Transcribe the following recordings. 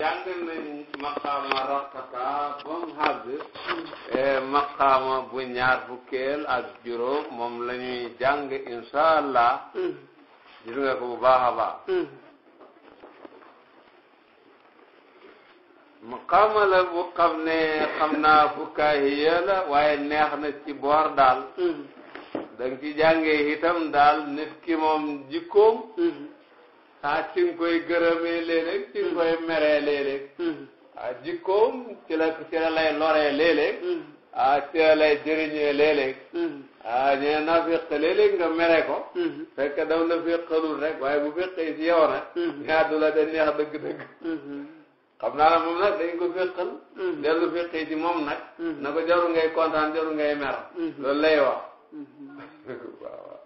jàngal e maqaama bu ñaar ak juróom moom la jàng incha allah. gis bu baax a baax. xam ne xam naa fukaahiya la waaye neex na ci boor daal. Mm. da nga ci jàngee itam daal nit ki moom jikkoom. Mm. ah ci nga koy gërëmee léeg-léeg ci nga koy meree léeg-léeg hmm. ah jikkoom ci la ci la lay loree léeg hmm. ah ci la lay jëriñee léeg hmm. ah ñee naa féq léeg nga mere ko fekk dam la féqalul rek waaye bu féqee ci yow nag ñaar la da neex dëgg-dëgg xam naa ne moom nag dañ ko féqal dellu féqee ci moom nag na ko jaru ngay kontaan jaru ngay mer loolu lay wax waaw waaw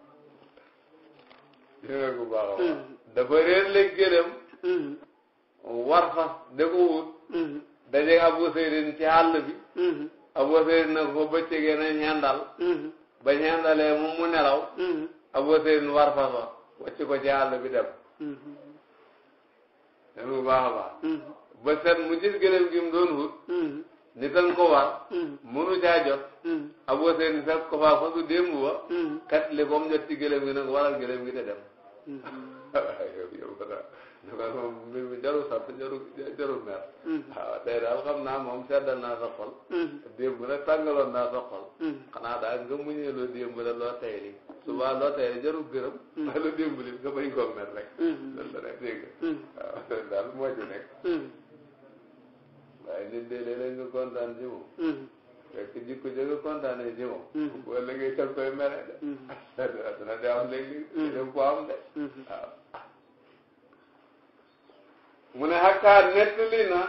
dina ko baax dafa réer le gëlëm mm-hmm. war fas da ko wut mm-hmm. dajeeg Abu Seydin ci àll bi mm-hmm. Abu Seydin nag ko bëccëgee nañ xendal bañ xendalee moom mu nelaw Abu Seydin war fas wa wàcc ko ci àll bi dem den bu baax a baax mu gis gëlëm gi mu doon wut ni tan ko war mënu caa jot Abu Seydin fekk ko faa fasu démb wa kat li ko mu jot ci gëlëm gi nag waral gëlëm gi te dem yow dafa moom mbir mi jarul sant jarul jarul mer. waaw naa moom seddal naa sa xol. naa sa xol. xanaa nga muñee loo démb rek loo tey li suba loo tey li jarul gërëm. waaye loo démb li nga bañ koo mer rek. loolu la rek dégg nga. waaw loolu daal moo ci nekk. waaye nit de léeg-léeg nga kontaan ci moom. fekk jikko ja mere de. dina am léegi. dina ko am de mu ne hakka nettali na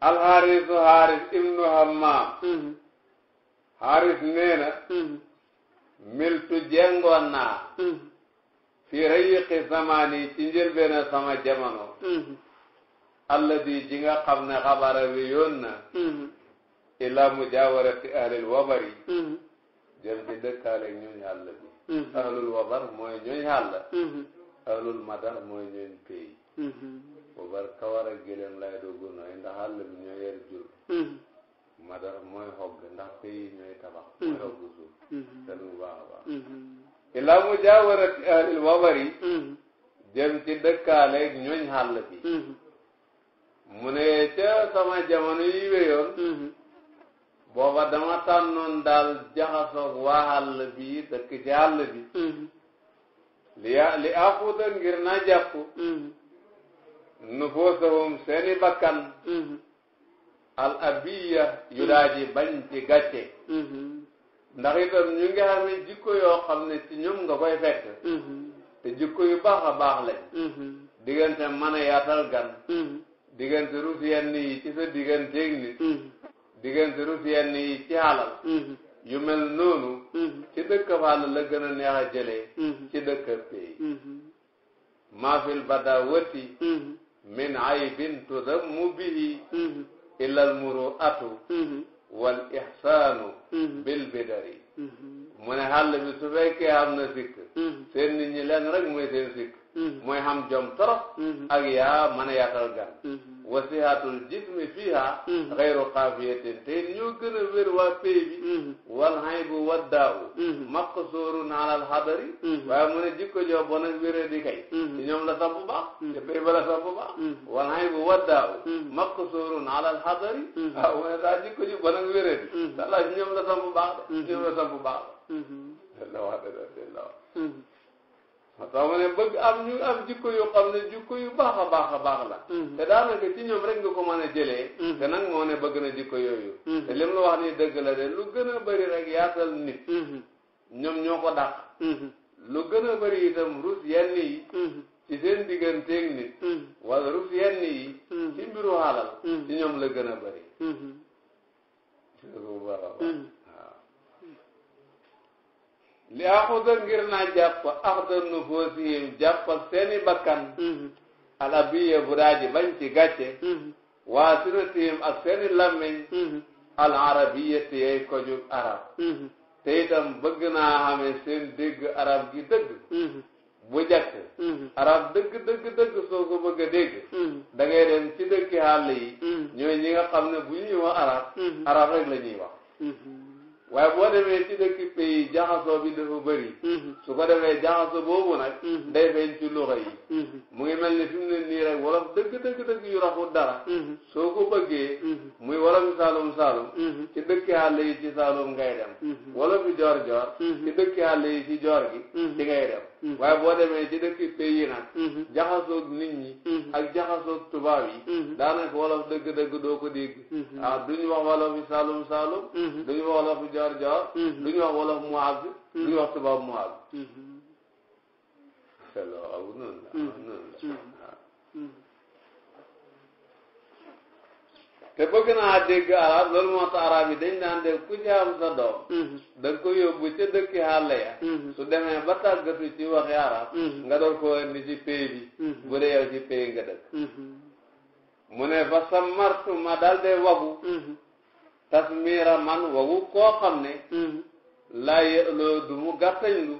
xaaris mm-hmm. ibnu hammaam xaaris mm-hmm. nee mm-hmm. miltu jengoon naa fi rayiqi zamani ci njëlbeena sama jamono alladi ji nga xam ne xabara wi yoon na ila ahlil wabari jëm ci dëkkaale ñooñ àll bi ahlul wabar mooy ñooñ àll ahlul madar mooy ñooñ pays Mm-hmm. boobar kawar ak gëlëm lay doogu nooy ndax àll bi ñooy yar jur mm-hmm. mooy xogg ndax pay ñooy tabax mm-hmm. mooy xogg suuf sel bu baax a baax ilaa mu jaawarati ahlil wabari jëm ci dëkkaaleeg ñooñ xàll bi mu ne ca sama jamono yi wéyoon booba dama tànnoon daal jaxasoog waa xàll bi dëkk ci àll bi li li afuda ngir naa jàpp nufuusahum seeni bakkan mm-hmm. al abiya yu daaji bañ ci gàcce mm-hmm. ndax itam ñu ngi amee jikko yoo xam ne ci ñoom nga koy fekk mm-hmm. te jikko yu baax a baax lañ diggante mën a yaatal gan diggante rus yenn yi ci sa digganteeg nit diggante rus yenn yi ci xalal yu mel noonu ci dëkk xalal la gën a neex a jëlee ci dëkk maafil bada wëtti min aybin tudammu bihi mm-hmm. illa almuru'atu mm-hmm. wal ihsaanu mm-hmm. bil bidari mu ne xàll bi su fekkee am na sikk seen nit ñi leen rek mooy seen sikk mooy xam jom torop ak yaa mën a yaatal gan wasihatul jismi fiha xayru mm-hmm. xaafiyatin te ñoo gën a wér waa pay bi u ala al hadari mu ne jikko joo bon ak kay mm-hmm. ci ñoom la sax mm-hmm. ba wal haybu waddaa u ala al hadari mu ne daa jikko ju bon ak wéré di ñoom la sax bu ñoom la sax moo tax mu ne bëgg am am jikko yu xam ne jikko yu baax a baax a baax la a mm-hmm. daanaka ci ñoom rek nga ko mën a jëlee mm-hmm. te nag moo ne bëgg na jikko yooyu mm-hmm. te lim la wax nii dëgg la de lu gën a bari rek yaatal nit ñoom ñoo ko dàq lu gën a bëri itam rus yenn yi ci seen digganteeg nit wala rus yenn yi ci mbiru xaalal ci ñoom la gën a bëri li axuda ngir naa jàpp axda nufuusihim jàppal seeni bakkan mm-hmm. alabiya bu daaji bañ ci gàcce mm-hmm. waa sinatihim ak seeni lammiñ mm-hmm. al arabiya te yey koju arab te itam bëgg naa xamee seen dégg arab gi dëgg bu jàkk arab dëgg dëgg dëgg soo bëgg a dégg da ngay ci dëkki xàll yi ñooy ñi nga xam ne bu ñuy wax arab arab rek la ñuy wax waaye boo demee ci dëkk pays jaxasoo bi dafa bëri. Mhm. su ko defee jaxasoo boo nag. Mhm. day feeñ mhm. mu ngi mel ni fi mu ne nii rek wolof dëgg dëgg dëgg yu raxul dara. soo ko bëggee. muy wolof saalum saalum. ci dëkk àll yi ci saalum ngay dem. wolof joor joor. ci dëkk àll yi ci joor gi. ci ngay dem. Mm-hmm. waaye boo demee ci dëkk pays yi nag mm-hmm. jaxasoog nit ñi mm-hmm. ak jaxasoog tubaab yi daanaka wolof dëgg-dëgg doo ko dégg ah duñu wax wolof yi saalum saalum duñu wax wolof yi joor joor duñu wax wolof mu àgg duñu wax tubaab mu àgg te bëgg naa dégg arab loolu moo tax arab yi dañ daan def ku ci am sa doom mhm. da ko yóbbu ca dëkki xàll ya mhm. su demee ba tàggatu ci waxi arab mhm. nga doon ko indi ci pay bi bu dee yow ci pay nga dëkk mu ne fa samartu ma daal de tasmira man wagu koo xam ne laa yeloo du mu gàttañ lu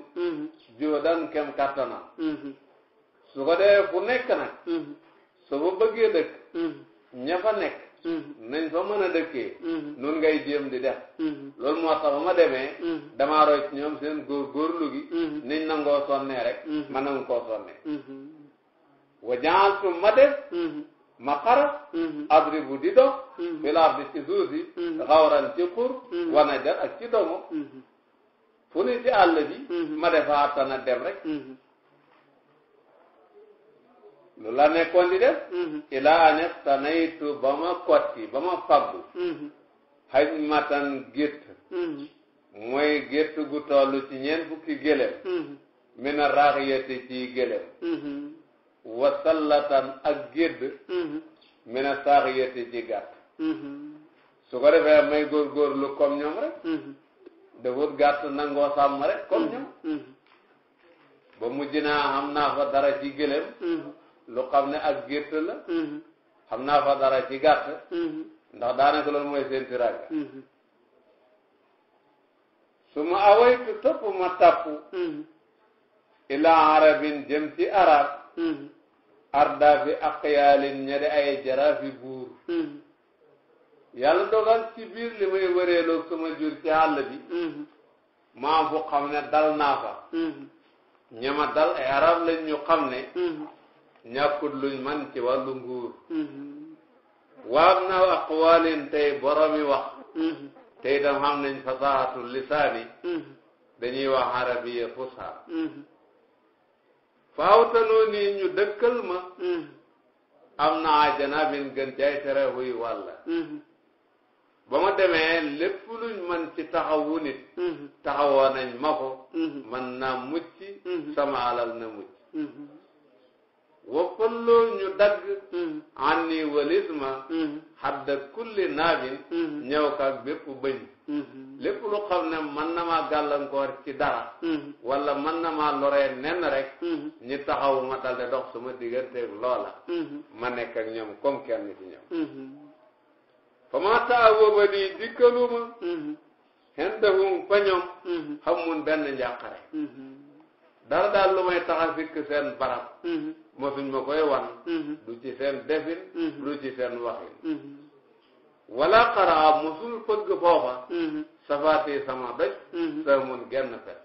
joodan kem kàttanam su ko dee bu nekk nag su fa bëggee dëkk ña nekk Mm-hmm. nañ fa mën a dëkkee mm-hmm. nun ngay jéem di def mm-hmm. loolu moo tax ba ma demee damaa roy ci ñoom seen góor góorlu gi niñ nangoo sonnee rek ma nangu koo sonnee wa jaaltu ma def ma xara adribu di dox filaar di ci suuf si ci xur wana jar ak ci domo fu ci àll bi ma defaatana dem rek lu la nekkoon di def mm-hmm. ilaa anet tanaytu ba ma kotti ba ma faggu mm-hmm. xaj matan gétt mm-hmm. mooy gétt gu toll ci ñeent fukki gélém min a raaxiyati ci gélém wa sallatan ak gédd min a saaxiyati ci gàtt su ko defee may góorgóorlu comme ñoom rek dafut gàtt nangoo sàmm rek comme ñoom ba mujj naa am naa fa dara ci gélém lu xam ne ak gétt la mm-hmm. xam naa fa dara ci gàtt mm-hmm. ndax daanaka loolu mooy seen tiraga mm-hmm. su ma awaytu topp ma tàpp ila arabin jëm ci arab arda fi aqyaalin ñede ay jaraafi buur yàlla dogal ci biir li may wëreeloo sama jur ci àll bi maa fu xam ne dal naa fa ñama dal arab lañ ñu ne ñàkkut luñ man ci wàllu nguur mm-hmm. waam na aqwaalin tey boromi wax mm-hmm. tey itam xam nañ fasahatu yi mm-hmm. dañuy wax arabiya fusha faawtanoo nii ñu dëkkal ma am naa janabin gën jaay tere wuy wàlla ba ma demee lépp luñ man ci taxawu nit taxawoo nañ ma ko man naa mucc sama alal na mucc wa kullu ñu dagg mm. anni walis ma mm. xadda kulli naabin mm. ñëw kaag bépp bëñ lépp lu xam ne mën na maa gàllankoor ci dara wala mën na maa loree nenn rek ñi taxawu ma dalde dox suma digganteeg loola ma nekk ak ñoom comme kenn ci ñoom fa maa taa booba di dikkaluma xen dahum fa ñoom xam mun benn njàqare dara daal lu may tax a seen barab mm-hmm. mosuñ ma koy wan mm-hmm. du ci seen defin mm-hmm. du ci seen waxin wala xaraa mosul pëgg foofa safaati sama doj sa genn fet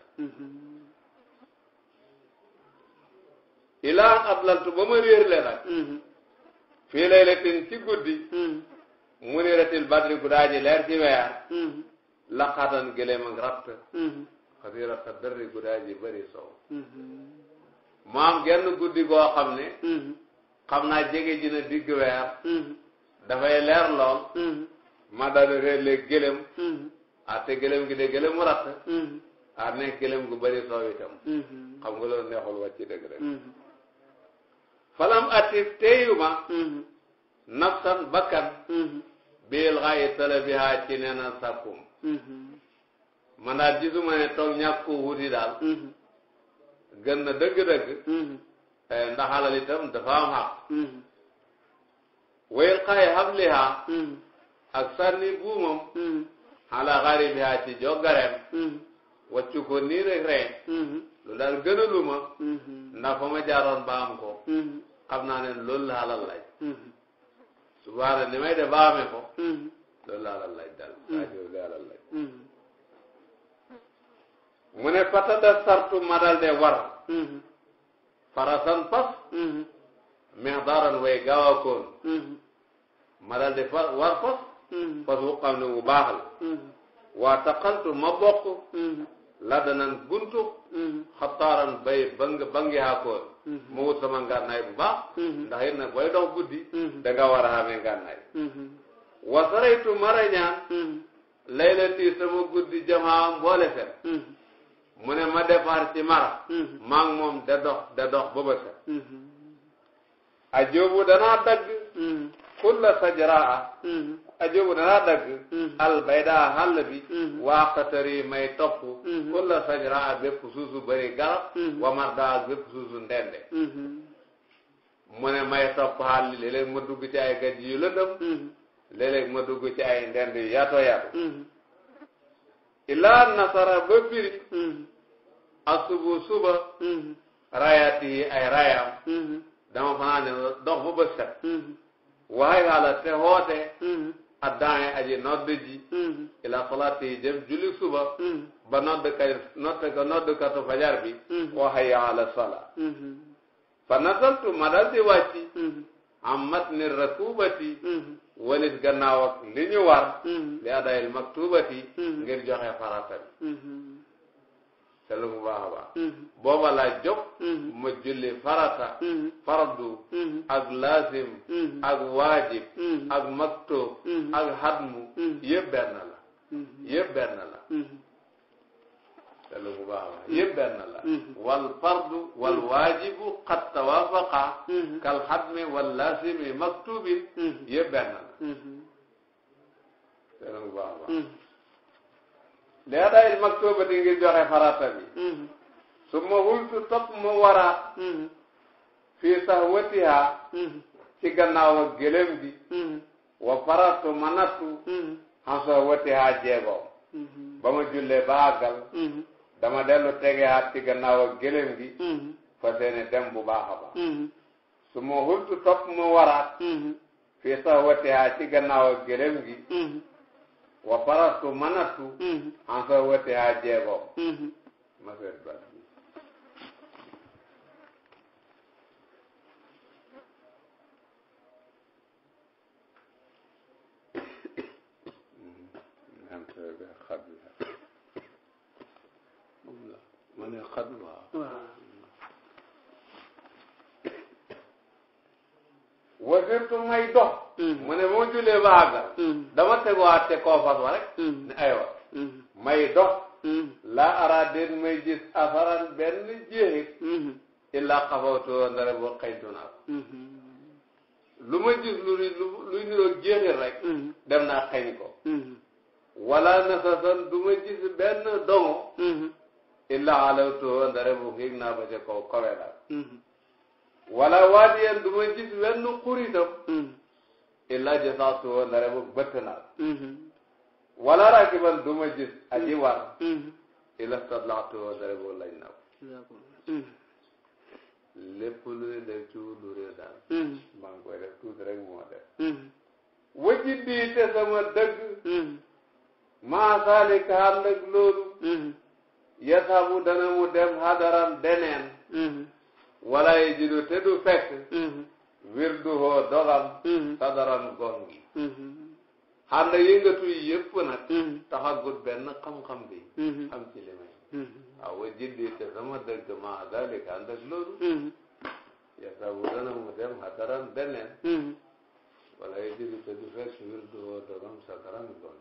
ilaa atlantu ba ma réer le nag fii laylatin ci guddi mu ni ratil badri gudaaji leer ci weer laqatan gëléem ak ratt xasirata darri guddaa ji bëri sow mm-hmm. mu genn guddi goo xam ne mm-hmm. xam naa jege ji na digg weer mm-hmm. dafay leer lool ma daal di réerlee gëlëm ah te gëlëm gi de gëlëm mu ratt ah nekk gëlëm gu bëri soow itam xam nga loolu neexul wàcc dëgg rek falam atif teeyuma nafsan bakkan bil xaayi talabiha ci nee na man daal gisuma ne toog ñàkk ko wuti daal mhm. gën na dëgg-dëgg mhm. eh, ndax alal itam dafa am xaq mhm. wayel xaye xablihaa ak sànni buumam xalaa xaribihaa ci joggareem wàccu ko nii rek rek lu daal gënaluma ndax fa ma jaaroon ba ko xam naa ne loolu la subaana ni may def ba ko loolu la alal laaj daal daa jóg alal mu ne fatada sartu ma dal de war mm-hmm. farasan fas mexdaaran mm-hmm. way gaaw a koon mm-hmm. ma dal war fas fas wu xam ne bu baax la waa taqantu ma bokk la danan guntu xataaran bay bang bangi haakoon ma wut sama ngànnaay bu baax ndax it nag booy dox guddi da nga war a xamee ngànnaay wasaraytu marañaan laylati sama guddi jamaa mboole fen mu ne ma defar ci mara mm-hmm. maa ngi moom da dox da dox ba bësa mm-hmm. a jóobu danaa dagg mm-hmm. kulla sajraa a jóobu danaa dagg al baydaa bi waa xatari may topp kulla sajraa bépp suusu bëri garab wa mardaa bépp suusu ndende mu ne may topp xàll léeg ma dugg ci ay gaj yu lëndëm léeg-léeg ma dugg ci ay ndend yu yato yato ilaa nasara ba biri mm-hmm. asubu suba mm-hmm. rayaat yi ay rayaam mm-hmm. dama fanaa dox ba bët set waaye yàlla te hoote addaane aji nodd ji ilaa salaat yi jëm julli suba ba nodd ka nodd ka nodd fajar bi wa hayya ala fa nasaltu ma dal di wàcci am matni rakubati walis gannaaw li ñu war mm-hmm. li adayil maktubati mm-hmm. ngir joxe farata bi setlu mm-hmm. bu baax a baax booba laa jóg ma julli farata fardu ak lazim ak waajib ak maktub ak hadmu yëpp benn la yëpp wal fardu wal waajibu qad tawafaqa kal hadmi wal lazimi maktubin yëpp benn tey nag bu baax a baax. Mm-hmm. li adaayil maktuba di joxe farata bi. Mm-hmm. su ma wultu topp ma waraat. Mm-hmm. fii sahwatiha. ci gannaaw ak gëlëm bi. wa faratu ma nattu. xam sahwatiha jeego. ba ma jullee ba àggal. dama dellu tegeaat ci gannaaw ak gëlëm gi. fa seeni dem bu baax a su ma wultu topp ma waraat. fii sax watihaa ci gannaaw ak gëlëm gi wa barastu manatu an sax watihaa jeeboom maseet ba man xadluha wasirtu may dox. Mm. mu ne moo julee ba àggal. Mm. dama teguwaat te koo fas wa rek. Mm. ne aywa. may dox. laa araadeen may gis asaran benn jeexit. illaa xafawtoo ndare boo xëyntu naa ko. Mm-hmm. lu ma gis lu lu luy niroog jeexit rek. Mm-hmm. dem naa xëñ mm-hmm. ma gis benn dongo. illaa alawtoo ndare bu xiig ba ca kaw kawe wala waadiyan du ma e gis wenn xur itam mm. illa jasaatu woon ndare bu bëtt naa mm-hmm. wala rakiban du ma e gis aji war mm-hmm. illa stadlaatu woon ndare bu lañ naa ko mm-hmm. lépp luy def ci lu réer daal maa ngi koy def tuuti rek moo def wajji dii te sama dëgg maa saalik ànd ak loolu yasaabu dana mu dem hadaran deneen wala yi jidu te du fekk mhm. wirduhoo doxam mhm. sadaran gong gi mhm. xanda yëngatu yi yëpp nag taxagut benn xam-xam bi xam ci li may waaw wa jiddi te sama dëgg ma dalik ànd ak loolu yasabu dana mu dem hadaran beneen wala yi jidu te du fekk wirduhoo doxam sadaran gong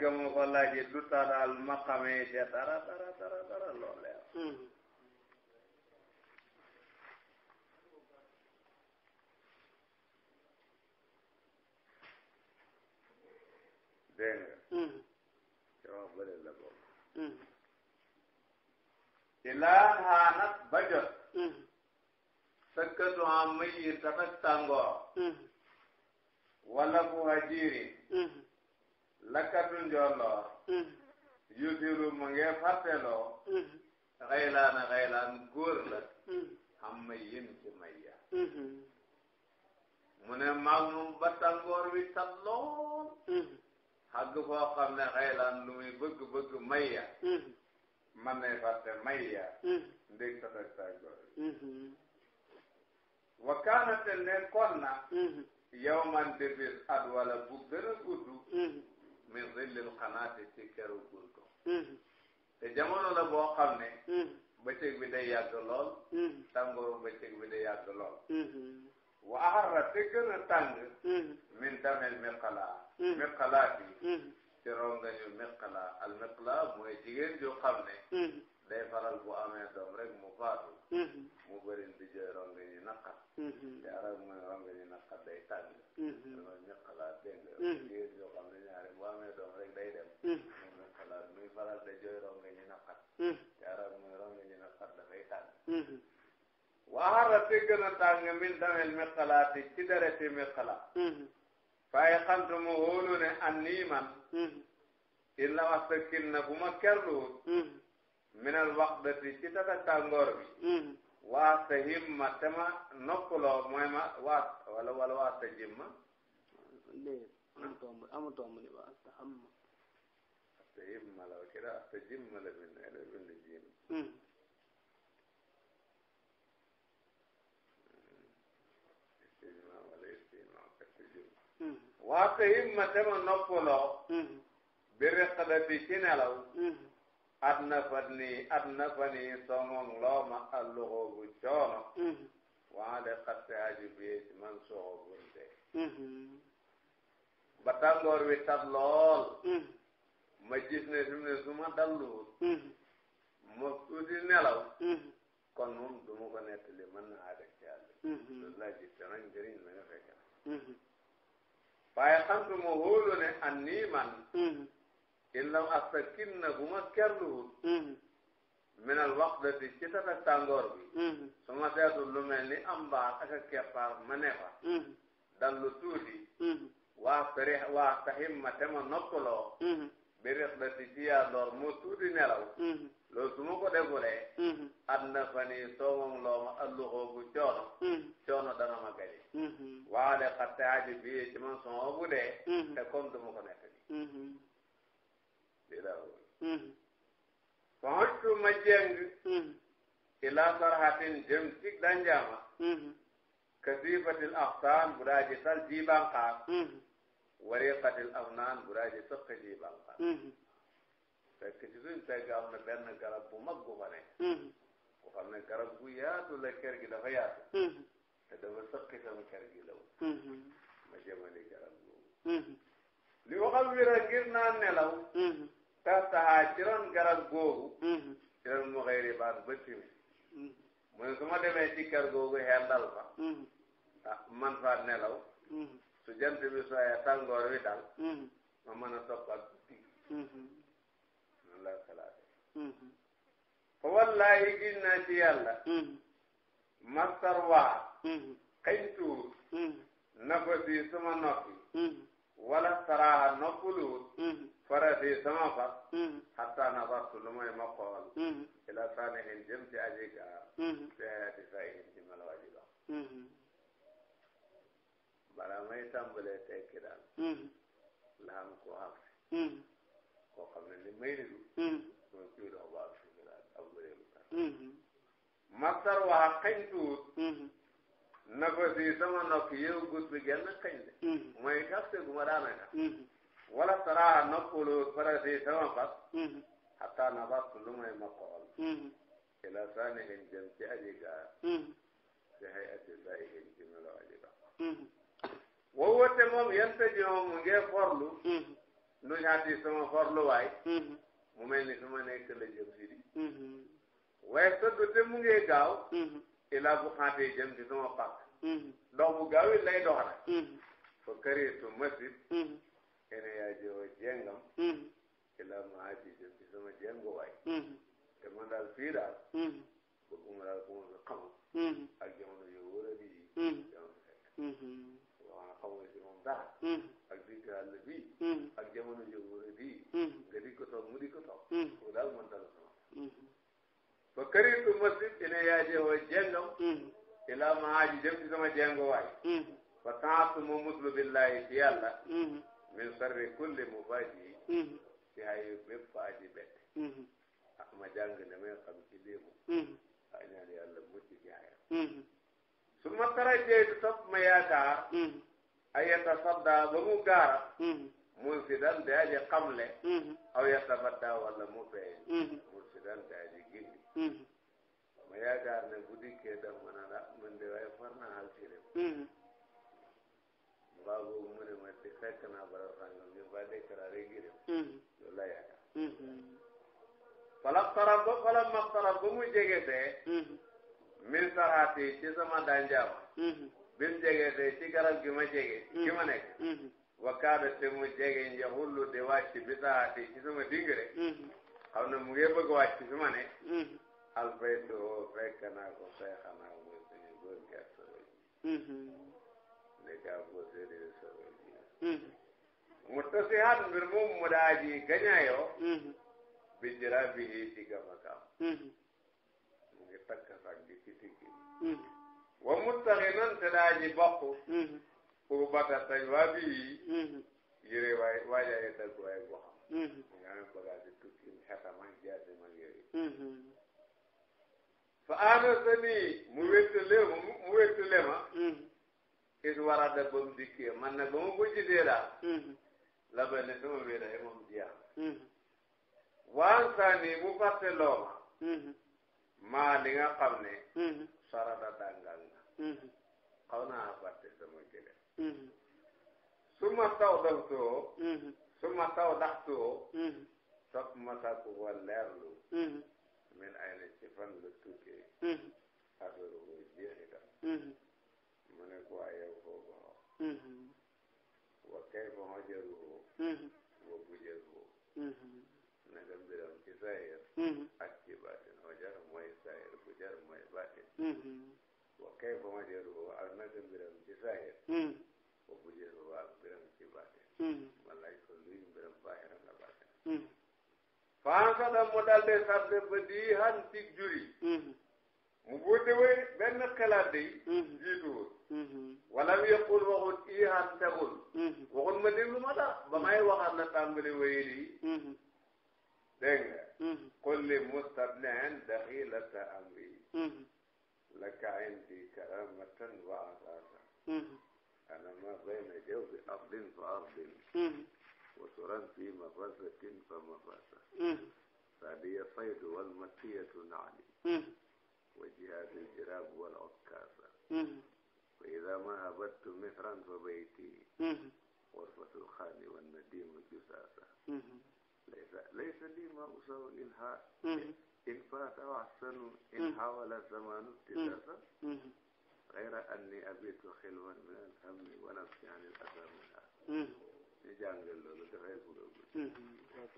nag ma ko laajee du taral ma xamee ca dara dara dara dara loolee hmm. dégg nga ca wax bële la bokk hmm. ilaa xaanat ba jot hmm. sëkkatu am mayir tafak tàngoor wala bu hajirin lakkatu njolloor hmm. yusiru mu nge fàtteloo hmm. xaylaana xaylaan góor la xam hmm. ma yén ci may ya mu ne maag moom wi tat lool xàgg foo xam ne xaylaan lu muy bëgg-bëgg may ya man nay fàtte may ya ndég tatak tàngoor wi wa kaanate nekkoon na yow man debis at wala bu gën a min zillil xanaati ci keru guur ko mm-hmm. te jamono la boo xam ne mm-hmm. bëccëg bi day yàgg lool mm-hmm. tàngooru bëccëg bi day yàgg lool wa axarra te gën a tàng min damel miqalaa miqalaa bi ci ronga ñu miqalaa al miqalaa mooy jigéen ju xam ne day faral bu amee doom rek mu faatu mu bërin di jooy ronga ñu naqar te arab mooy ronga ñu naqar day tàng damel miqalaa dégg nga jigéen joo xam ne bu amee doom rek day dem. muy faral muy faral de jooy ronge ñu naqar. te arab muy ronge ñu naqar dafay tàng. waxaara te gën a tàng min damel mi xalaati ci dereti mi xalaat. fay xam te mu wóolu ne an nii man. illa wastakin na bu ma kerluwul. minal waqdati ci tata tàngoor bi. waasta himma te ma noppaloo mooy ma waas wala wala waasta jimma. amul tomb amul tomb ni ba astahamma astahimmala wa kira astajimmala min ele bind jiim istijma wala istijma astijim wa astahimma tema noppaloo bi riqdati ci nelaw ad na fat nii ad na fa nii songong loo ma alluxoo bu coono waa de xatte aju bi man soxo bunte ba tàngoor wi tat lool hmm. ma gis ne fi mu ne su ma dalluwul hmm. ma tuuti nelaw hmm. kon moom du ma ko nettali mën naa def ci àll loolu laa gis te nag njëriñ la nga fekk waaye xam nga ma wóolu ne an nii man in lam astakin ci tata tàngoor bi su ma seetul lu mel ni am mbaar ak a keppaar ma ne fa dallu tuuti waa fere waa tahim ma tema noppaloo mm-hmm. bi rex da si ci yaa lor moo tuuti nelaw mm-hmm. loolu su ma ko defulee mm-hmm. ad na fanii soomam loo ma alluxoogu coono coono dana ma gaje waale xatte aji bii ci man soma bu dee te comme du ma ko nekk ni lii daa woon fa hoccu ma jeng sarhatin jëm ci danjaama kasifatil axsaan bu daa ji sal jiibaan xaar wariqatil abnaan bu daa ji sëq ji banqaas fekk ci suñ pegg am na benn garab bu mag bu fa ne mm-hmm. bu garab bu yaatu la kër gi dafa yaatu mm-hmm. te dafa sëq sama kër gi law mm-hmm. ma jëmale garab googu li waxal wi ra ngir naa nelaw taxtaxaa ci ron garab googu ci ron mu xëy ri baan ba timi mu ne su ma demee ci kër googu xendal fa ah, man faa nelaw su jant bi sooyee tàngoor wi dal mm-hmm. ma mën a topp ak guddi mm-hmm. noonu laa xalaatee mm-hmm. fa wallaahi gis naa ci yàlla mastar waa xëñtuwut na ko si sama noppi wala saraaxa noppaluwut farati sama fas hatta nafartu lu may ma xool ila saanihin jëm ci aji gaar fi hayati sa'ihin ci melawaji dox balaa may tàmbalee tekki daal la may nidu mooy kuy dox ba am si fi daal am bëreelu tar mastar waxa xañ tuut na ko si sama nokk yow gut bi genn xañ de mooy hmm. kaf te gu ma daana kaf hmm. wala saraa noppaluut para si sama fas hmm. hatta na fas lu may ma xool ila saani hin jëm ci aji gaar si hay ati saay hin ci melo aji gaar woo wote moom yan tëj moom mu ngee mm-hmm. lu ñaati sama forlu waay mm-hmm. mu mel ni sama nekk la jëm si di mm-hmm. waaye sëgg te mu ngee gaaw ila bu xaatee jëm ci sama pàkk dox bu gaaw it lay dox nag fa karitu masjid kene yaa jëwa jengam ila mu aji jëm ci sama jengu waay te man daal fii daal bëgguma daal ku ma fi xamam ak jamono yu wóor a di jamono fekk xam nga ci moom dara hmm. ak digg àll bii hmm. ak jamono jowóore bii hmm. nga di ko toog mu di ko toog mu daal mën dala sama ba këritu masjid ine yaa jewoo jengam ilaa ma aji jëm ci sama jengo waay ba taatu ma muslu billahi ci yàlla min sarri kulli mu faji ci hayu bépp faji bett ak ma jàng ne may xam ci léemu a ñaan yàlla mucc ci hayam su ma tarajee du topp ma yaakaar ay yatasadda ba mu gaara mm-hmm. mun si dan di aji xamle mm-hmm. aw yatabadda walla mu feeñ mm-hmm. mun si dan di aji gindi ma yaakaar ne bu dikkee daf ma ne la man de waaye far naa xal ci réew mu ne ma di fekk naa bara sàngam ñu ba déclaré gi réew loolu la yaakaar fala tarab ba fala ma tarab ba mu jege see min saxaati ci sama danjaama bi mu jege tey ci garab gi ma jege. Mm-hmm. ki mm-hmm. te mu jege nja xullu de wàcc te ci sama ding rek. Mm-hmm. xam ne mu ngi bëgg wàcc fi ma ne. alfayto fekk naa ko feexa naa ko suñu góor gi ak solo ji. ne kaa ko séddee solo mu tasi hat mbir moom mu daa ji gañaayoo. bi jira bi ci gafakaam. mu di ci digg. wa muttaxinan te daa ji bokk mm-hmm. urbata sañ waa bi mm-hmm. yére waay waajaye dagguwaay boo xam mm-hmm. mu nga amee bagage tukki xetam ak jaasim ak yooyu fa aana sa nii mu wéttale ma mu wéttale ma it war a da ba mu dikkee man nag ba ma ko gisee daal la ba ne sama wéet ay moom jeex waan saa nii mu fàtte loo ma maa nga xam ne sarada dangal xaw naa fàtte sama gëlëm su ma taw daltoo su ma taw daxtoo sopp ma sàkku ko leerlu min ay na ci fan la tukkee affaire booy jeexital mu ne ko waaye yow foofu wax wa kay fa ma jëru mu daal di ba di han ci juri. Mm-hmm. mu buute wey benn xalaat day. Mm-hmm. jiituwul. Mm-hmm. wala mu yëqul waxut ii han tegul. waxut ma déglu ma la ba may waxaat la tàmbali wey lii. dégg nga. kulli mustadnin daxilata amri أبدت مصرا فبيتي غرفة الخال والنديم جساسا ليس ليس لي ما أساو إنها إن فات وأحسن إن حاول الزمان ابتداسا غير أني أبيت خلوا من الهم ونفسي عن الأذى منها ñu jàngal loolu dafay bëgg a gudd.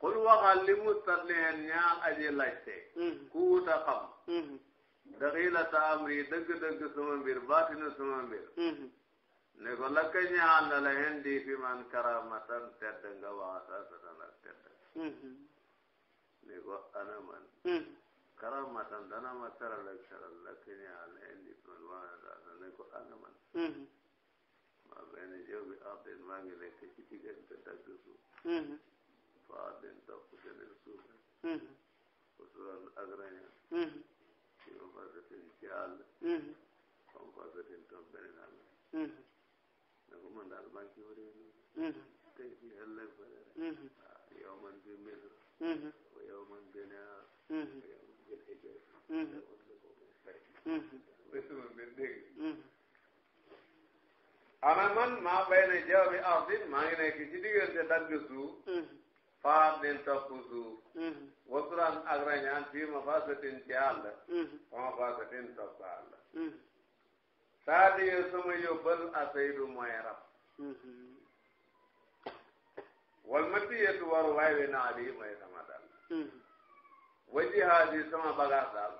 qul waxal li mu tànneen ñaar aji laajte. ku wuta xam. daxilata amri dëgg-dëgg sama mbir baatina sama mbir mm-hmm. ne ko la ka ñaan la hendi fi man karamatan tedd nga waxasasatan ak tedd mm-hmm. ne ko ana mm-hmm. karamatan dana ma la ka ñaan hendi fi man waxasasatan ne ko ana ma benn jëw bi ardin maa ngi nekk ci diggante dagg suuf fa ardin topp geneen suuf usuran ak ci àll xam ko asatin toog beneen àll mm-hmm. ne ko man daal maa ngi wëree nii mm-hmm. tey fii ëllëg fële rek mm-hmm. ah, yow man bi misr wa yow man bi naar wa yow man bi hijr eh, eh. eh, ana man maa bay na jaww bi ardin maa ngi nekk ci diggante dagg suuf faar del topp suuf mhm. wasuran ak rañaan fii ma fasatin ci àll mhm. fa ma fasatin topp àll mhm. saa di yow sama yóbbal asaydu mooy rab wal ma tiyetu waru waay wi naa lii mooy sama dal wajihaat yi sama bagaas daal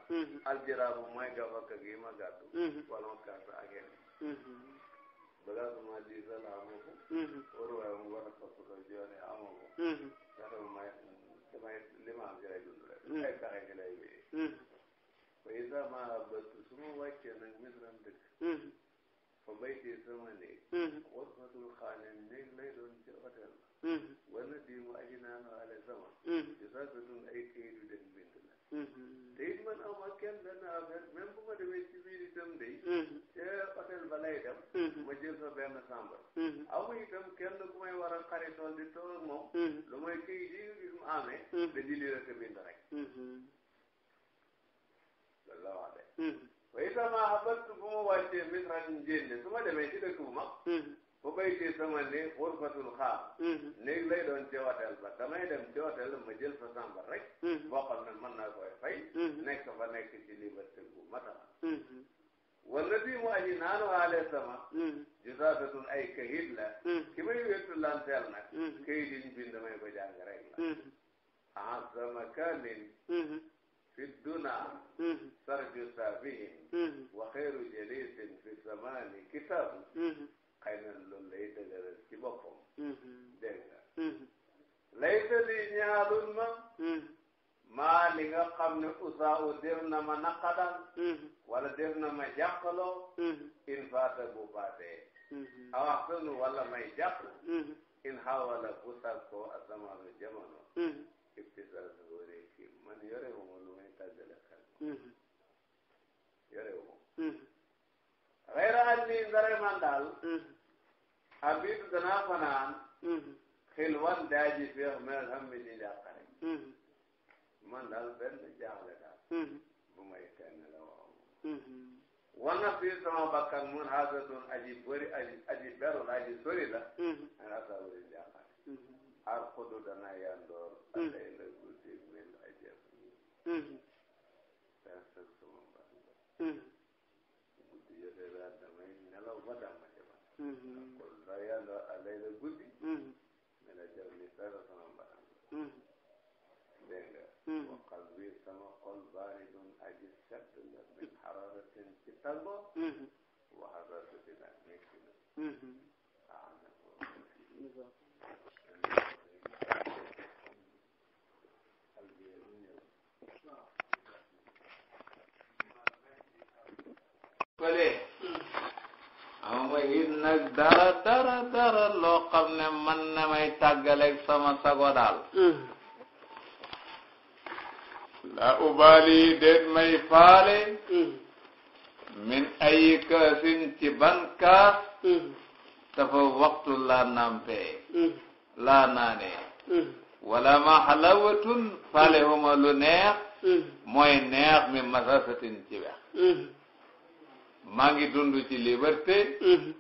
aljiraabu mooy gafaka gi ma gàddu wala ma kàddu ak yeneen bagaas ma diisal amoo ko waru waay mu war a topp ko joone amoo ko ndax damay damay li ma am ci lay dund rek. ay pexe ci lay wéyee. ba isa ma abatu su ma wàccee nag misram dëkk. fa bayti sama néeg. wasfatul xaalim néeg lay doon ci hôtel. wala diimu aji naanu ale sama. yu saa ay kayitu dem bind la. te it man aw ma kenn benn affaire même bu ma demee ci biir itam day mm-hmm. ca hôtel ba lay dem mm-hmm. ma jël fa benn chambre mm-hmm. amu itam kenn ku may war a xaritoon di toog ak moom lu may kii ji nga gis mu di lii rek bind rek loolu la wax de wa itam ahabat bu ma wàccee misran njénne su ma fu bay ci sama néeg xurfatul xaar mm-hmm. néeg lay doon ci hôtel ba damay dem ci hôtel ma jël fa samba rek mm-hmm. boo xam ne mën naa koy fay mm-hmm. nekk fa nekk ci liberté bu matala na bii mu aji naanu aale sama jusaatatun ay kayit la ki may wéttu lanteel nag kayit yi ñu bind damay ko jàng rek la en sama kamin fi duna sarju sabihin wa xayru jalisin fi samani kitab xëy na loolu lay dëgëral ci boppam. dégg nga. layta li ñaalul ma. Mm-hmm. maa li nga xam ne usaaw def na ma naqadal. Mm-hmm. wala def na ma jàqaloo. Mm-hmm. in faata bu faatee. aw axsanu wala may jàq. in xawala bu sàkkoo asamaanu jamono. ibtisal góore kii man yore wu ma lu may tàggale yore wu ma. xayra an ni ndare man daal mm-hmm. habitu danaa fanaan mm-hmm. xilwan daaji feex mel xam mi di jàqare mm-hmm. man daal benn jaaxle daal bu may tenn la waaw wana fi sama bakkan mun haasatun aji bëri aji aji berul aji sori la ana sabari jàqare ar xudu dana yandoor alay la guddi min ajab kon loolu yàlla allay la guddi mi la jam ni feera sama mbaram dégg nga waxal bi sama xol baaridun aji sedd la min xararatin ci tango waxaratu dina métti na ah na ko Vale. ma gis loo xam ne man na may tàggaleeg sama sago daal mm. la ubali déet may faale mm. min ayi kaasin ci ban kaas mm. dafa waxtu laa nampee laa naanee wala ma xalawatun faale huma lu neex mooy neex mi masasatin ci maa ngi dund ci liberté mm-hmm.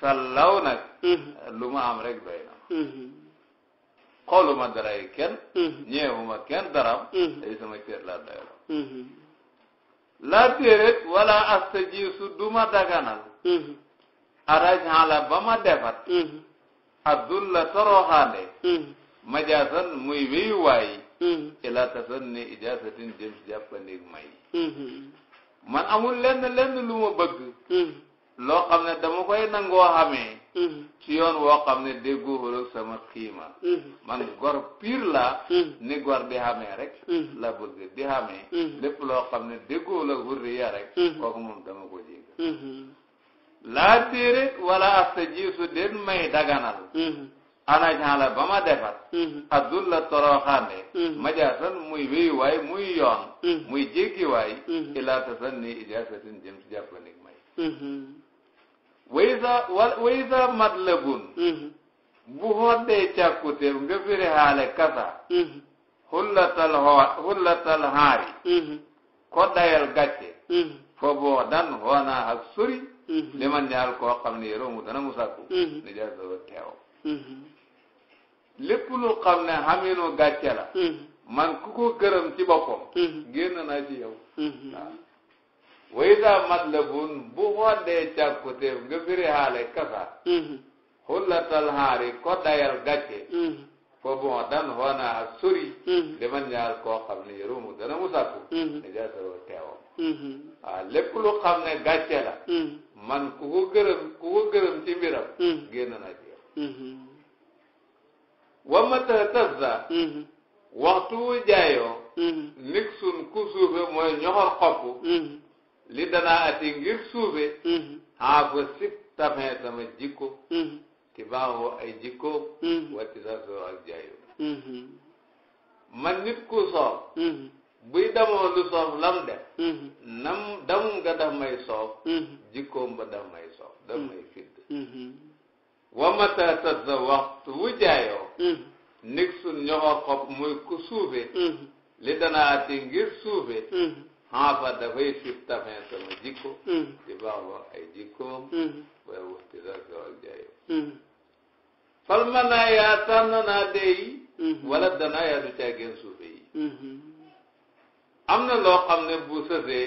sallaw nag mm-hmm. lu am rek doy na mm-hmm. xooluma daray kenn ñeewuma kenn daram day sama wala asta su duma daganal araj xaala ba ma defat abdul la toroxaande majaasan muy wéyuwaay ila tasanni ijaasatin jëm si jàppandig may man amul lenn lenn lu ma hmm. loo xam ne dama koy nangoo xamee. Hmm. ci yoon woo xam ne déggoo xoolal sama xiima. Hmm. man gor pire la. ni gor di xamee rek. la bëgg di xamee. lépp loo xam ne déggoo la rek. kooku dama ko jégg. laa téere wala asta jiisu den may daganal. ana ñaala ba ma defar mm-hmm. addul la toroxaande majaasan mm-hmm. muy wéyu waay muy yoon mm-hmm. muy jéggi waay ilaa tasanni ijaasatin jëm si jàppandik may waysa wa waysa matlabun bu xoddee càkkute nga firi xaale kasa xullatal xoo xullatal xaari ko dayal gàcce fo boo dan ak sori li man ñaal koo xam ne yëroomu dana mu sàkku nijaasa wa teew lépp lu xam ne xaminu gàcce la mm-hmm. man ku ko gërëm ci boppam mm-hmm. génn naa ci yow mm-hmm. waaw way daa matlabun bu xoddee càkkutéef nga firi xaale kasa xullatal xaari ko dayal gàcce fo bon dan xoonaa sori li man ñaar koo xam ne yërumu dana mu sàkku ne jaasaroo teewam waaw lépp xam ne gàcce la man ku gërëm ku gërëm ci mbiram génn naa ci wa ma tëx tëx waxtu wu jaayoo mhm. nig sun ku suufe mooy ñoxor xopp mhm. li danaa ati ngir suufe xaa mhm. ba sib tafin sama jikko ti ay jikko watti sa ak jaayoo man nit ku soof buy damoo lu soof lam def nam damum nga daf may soof jikkoom ba daf may soof daf may fidd wamata tëdd waxtu wu jaayoo mm. nig sun ñoxo xob suufe mm. li danaa ti ngir suufe xanfa mm. dafay sib tamit sama jikko di baax wax ay jikkoom way wuti la fal ma naa yaa tànn naa dee wala danaa yaa du caageen suufe am na loo xam ne bu sësee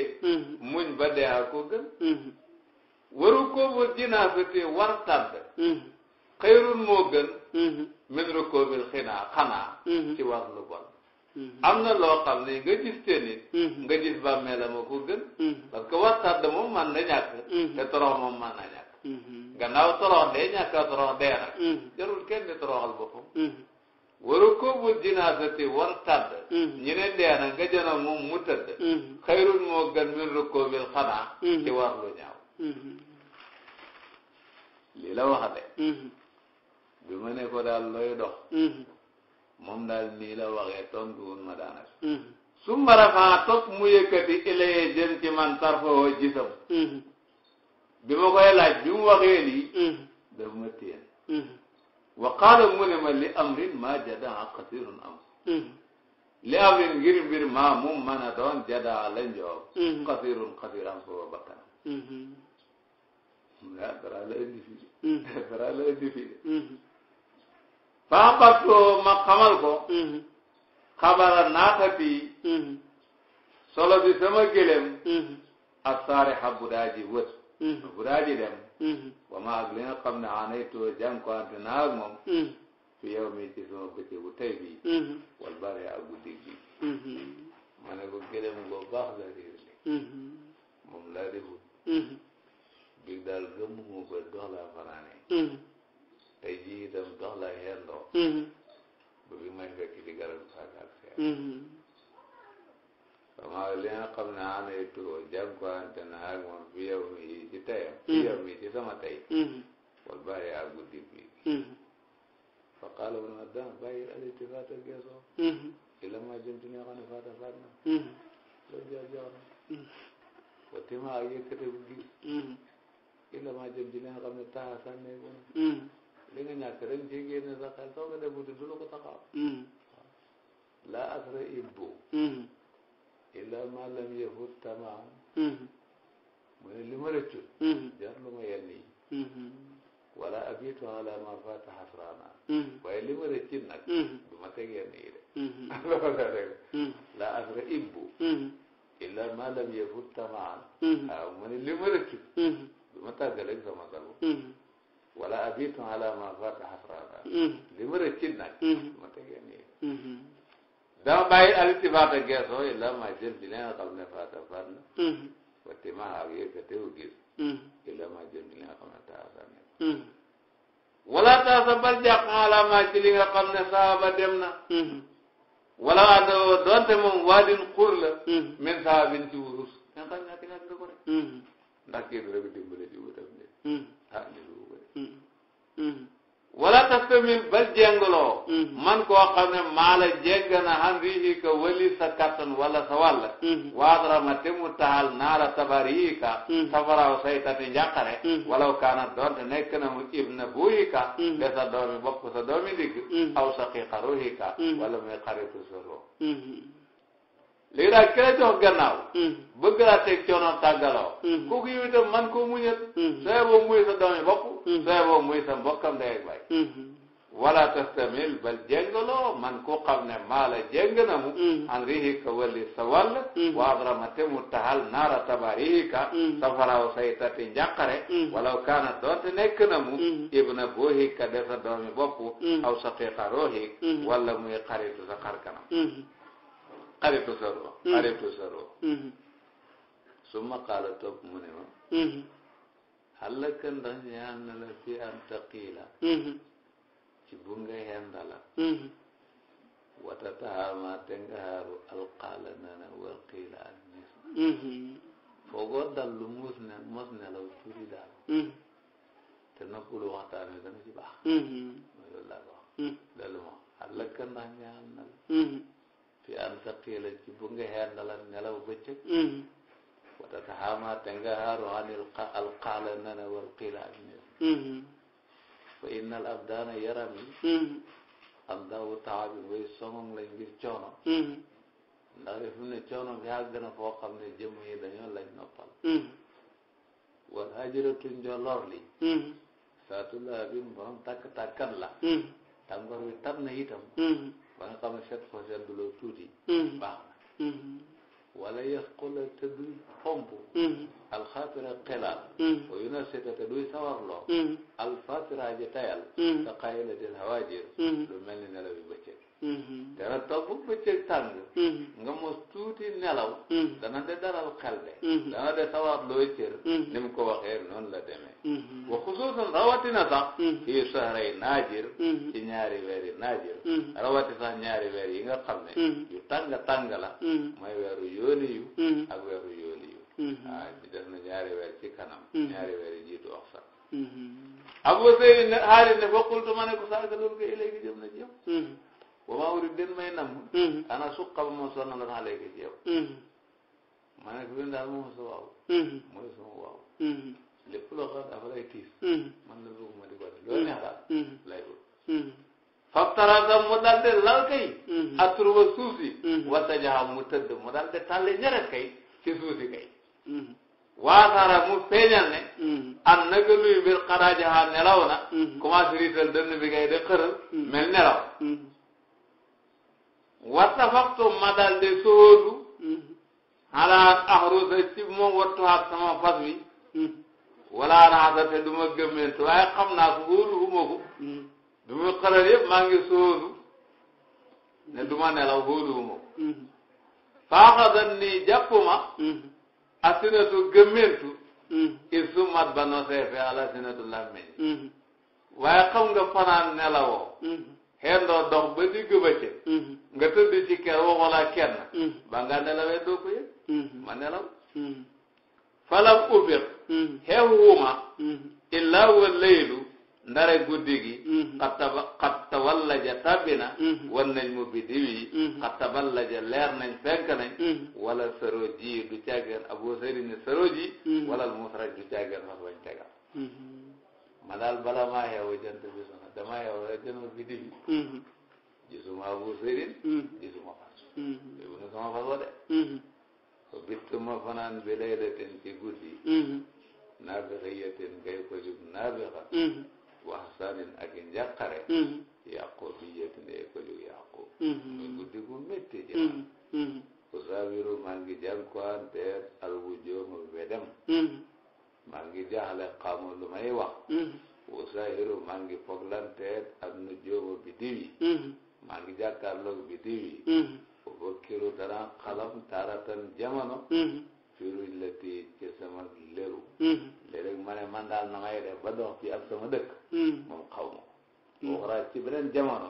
muñ ba dee a ko gën waru ko bu jinaa sëtee war tàdd xëyrun moo gën mhm. min rukoobil xinaa xanaa mhm. ci war lu bon mhm. am na loo xam ne nga gis te nga gis bàmmeelam a ko gën parce que waxtaan man na ñàkk te torox moom man na ñàkk gannaaw torox dee ñàkk a torox dee nag jarul kenn di toroxal boppam waru kóobul jinaasati war tàdd dee nag nga jëna mu tëdd xayrun moo gën min rukoobil xanaa ci war lu ñaaw lii la wax de ma ne ko daal mm-hmm. daal nii la waxee tontu woon ma daanaka mm-hmm. su rafaa topp mu yëkkati ilayee jëm ci man sarfoo gisam mm-hmm. bi ma koy laaj bi mu waxee lii daf ma téen wa qaala mu ne li amrin maa jadaa qatirun amrin ngir mbir maa mu mën a doon jadaa la njoob qatirun qatir am foofa bakkanam ah dara la la indi faaxabatoo ma xamal ko. xabara naatati. solo bi sama gëlëm. asaare xa budaaji wët. budaaji dem. wa ma ak li nga ne aanaytoo jànkuwante naa ak moom. fi yow mi ci sama bëccëg bu tey bi. wal bare ak guddi ma ne ko gëlëm goo baax la réer li. moom laa di wut. bi daal gëmmu mu ko dox laa fanaane. tey jii itam dox la yendoo ba bi may fekk ci garab saak ak seer sama li nga xam ne ana yi tuxoo jànkuwante na ak fi yow mi yi ci mm-hmm. fi yow mi ci sama tey mm-hmm. wal bàyyi ak guddi bii mm-hmm. fa qaala mu ne daan bàyyi ali ti faata geesoo ila ma jënti ne xam ne faata faat na na wa tima ak yëkkate bu gi ma jënti ne xam ne taxa sànne bu li nga ñàkk rek ci génne sa xel soo ko def wuti du la ko taxaw la asra ibbu mm. illa ma lam yafut tamaam mm. mu ne li ma mm. jar lu ma yenn wala abitu ala ma fata hasrana waaye li ma rëccit nag ma teg yenn yi de loolu rek illa ma lam yafut tamaam waaw mu ne li ma rëccut du ma tàggaleeg wala abitu ala ma fata hasrata mm-hmm. li mm-hmm. ma rëccit nag ma tegee nii mm-hmm. dama bàyyi alitifaata geesoo yi la ma jël di leen xam ne faata faat na wati ma ak yëkkatewu gis yi la ma jël di leen xam ne taasa ne wala taasa bal jàq ala ma ci li nga xam ne saaba dem na wala adoo doonte moom waadin xur la min saabin ci wurus nga xam ne ki nga ko rek ndax kii du rek dimbale ci wutam de ah, Mm-hmm. wala tastamil bal jéngaloo mm-hmm. man koo xam ne maa la jégg wali sa kattan wala sa wàlla mm-hmm. waadrama te mu taxal naara tabar yii ka safaraw saytani njàqare walaw kaana doonte nekk na mu ibna buyi ka sa doomi bopp sa doomi digg aw sa xiiqa wala muy xaritu sa léegi daal ki la jox gannaaw. Mm. bëgg laa teg coono tàggaloo. kooku mm. man koo muñal. Mm. sooy boo muy sa doomi bopp. sooy boo muy sa mbokkam man ku xam ne maa la jéng na mu. an rihika wali sa wàll. wa abramate mu taxal naara tabarihika. safaraaw say tati njàqare. walaw kaana doonte nekk na mu. ibna boohika de sa doomi bopp. aw saqiqa rohik. wala muy xaritu sa xarkanam. xaritu saro xaritu saro su ma xaala topp mu ne ma xalaka ndax ñaan na la fi ci bu nga hendala mm-hmm. wata taxaama te nga xaaru nana wal qiila ak gis dallu mos ne law tuuti daal mm-hmm. te noppulu waxtaan dana ci baax mm-hmm. loolu laa ko wax dellu ma xalaka fi an sa xiila ci bu nga xeer na la nelaw bëccëg wata taxaama te nga xaaru an alqaala nana wal xiila ak neef fa yi am daawu taxabi way songong lañ ngir coono ndax de fi coono nga àgg na foo xam ne jëmm yi noppal wal hajratu njoloor li saatu laa bin borom tàkk tàkkan la tàngoor wi tar na ba nga xam ne set ko seetlu tuuti. Mm-hmm. baax na. Mm-hmm. wala yas xoolal mm-hmm. te duy xomb. alxaatira xelaat. wa yu na seeta te duy sawarloo. alfatira ji tayal. te xayla dil hawaajir. lu mel ni nelaw yu bëccëg. Mm-hmm. dana topp bëccëg tàng mm-hmm. nga mos tuuti nelaw mm-hmm. dana de dalal xel de dana de sawaat looy cër ni mu ko waxee noonu la demee wa xusuusan rawatina sax fii sahray naajir ci ñaari weer yi naajir rawati sax ñaari weer yi nga xam ne yu tàng tàng la mooy weeru yooni yu ak weeru yooni yu ah ci def na ñaari weer ci kanam ñaari weer yi jiitu wax sax Abu ne xaalis ne fa qultu ma ne ko saaga loolu ko iléegi jëm na wa maa uri den may nam hmm. ana suqa ba ma sonal la xale ci yow hmm. ma ne ko daal moom sa waaw hmm. mooy sama waaw lépp loo xam dafa lay man la bëgguma di ko def loolu neex daal lay ut faftaraata mu daal de lal kay atruba suuf si wata jaxam mu tëdd mu daal de tàlle kay ci suuf si kay waasara mu feeñal ne. am naka luy mbir xaraajaxaa nelaw na. commencé riital dënn bi ngay de xëral. mel nelaw. wattafaqtu mm-hmm. ma daal di sóolu xalaat axrusa ci moom wattuwaat sama fas wi mm-hmm. wala raxasa te du ma gëmmentu waaye xam naa ko wóolu uma ko mm-hmm. du muy xaral maa ngi sóolu ne du ma nelaw wóolu uma ko faaxasan nii jàppuma asinatu gëmmentu il sumat ba nosee ala asinatu làmmeñ waaye xam nga fanaan nelawoo xendoo dox ba digg bëccëg mm-hmm. nga tëdd ci kër waxalaa kenn mm-hmm. ba nga nelawee doo ko yëg mm-hmm. ma nelaw falam ufiq xew wuma illaa a laylu ndare guddi gi xat tawallaja tabbina wan nañ mu biddiw yi xat tawallaja leer nañ fenk nañ wala saroj yi du caggeen abu sarini saroj yi wala musraj du caggeen fas wañ tegal ma daal bala maa xewu jant bi dama yow rek gën a biddiw mm-hmm. gisuma Abu Sirin mm-hmm. gisuma fas léegi mm-hmm. ne sama fas wa ko bitt ma fanaan bi laylatin ci guddi naabixiyatin kay ko jub naabixa wax sanin ak njàqare yaqobiyatin kay ko jub yaqob muy guddi gu métti ci man usaabiru maa ngi jànkuwanteer al wujuuh wedem maa ngi jaaxle xamul lu may wax usaahiru maa ngi foglanteet ak nu jóoma biddiw yi maa mm-hmm. ngi jàkkaarloog biddiw yi mm-hmm. ubakkiru dana xalam taaratan jamono mm-hmm. firuj la tii ci sama leru léeg-léeg ma ne man daal na may def ba dox ci ak sama dëkk moom xaw ma waxraa ci beneen jamono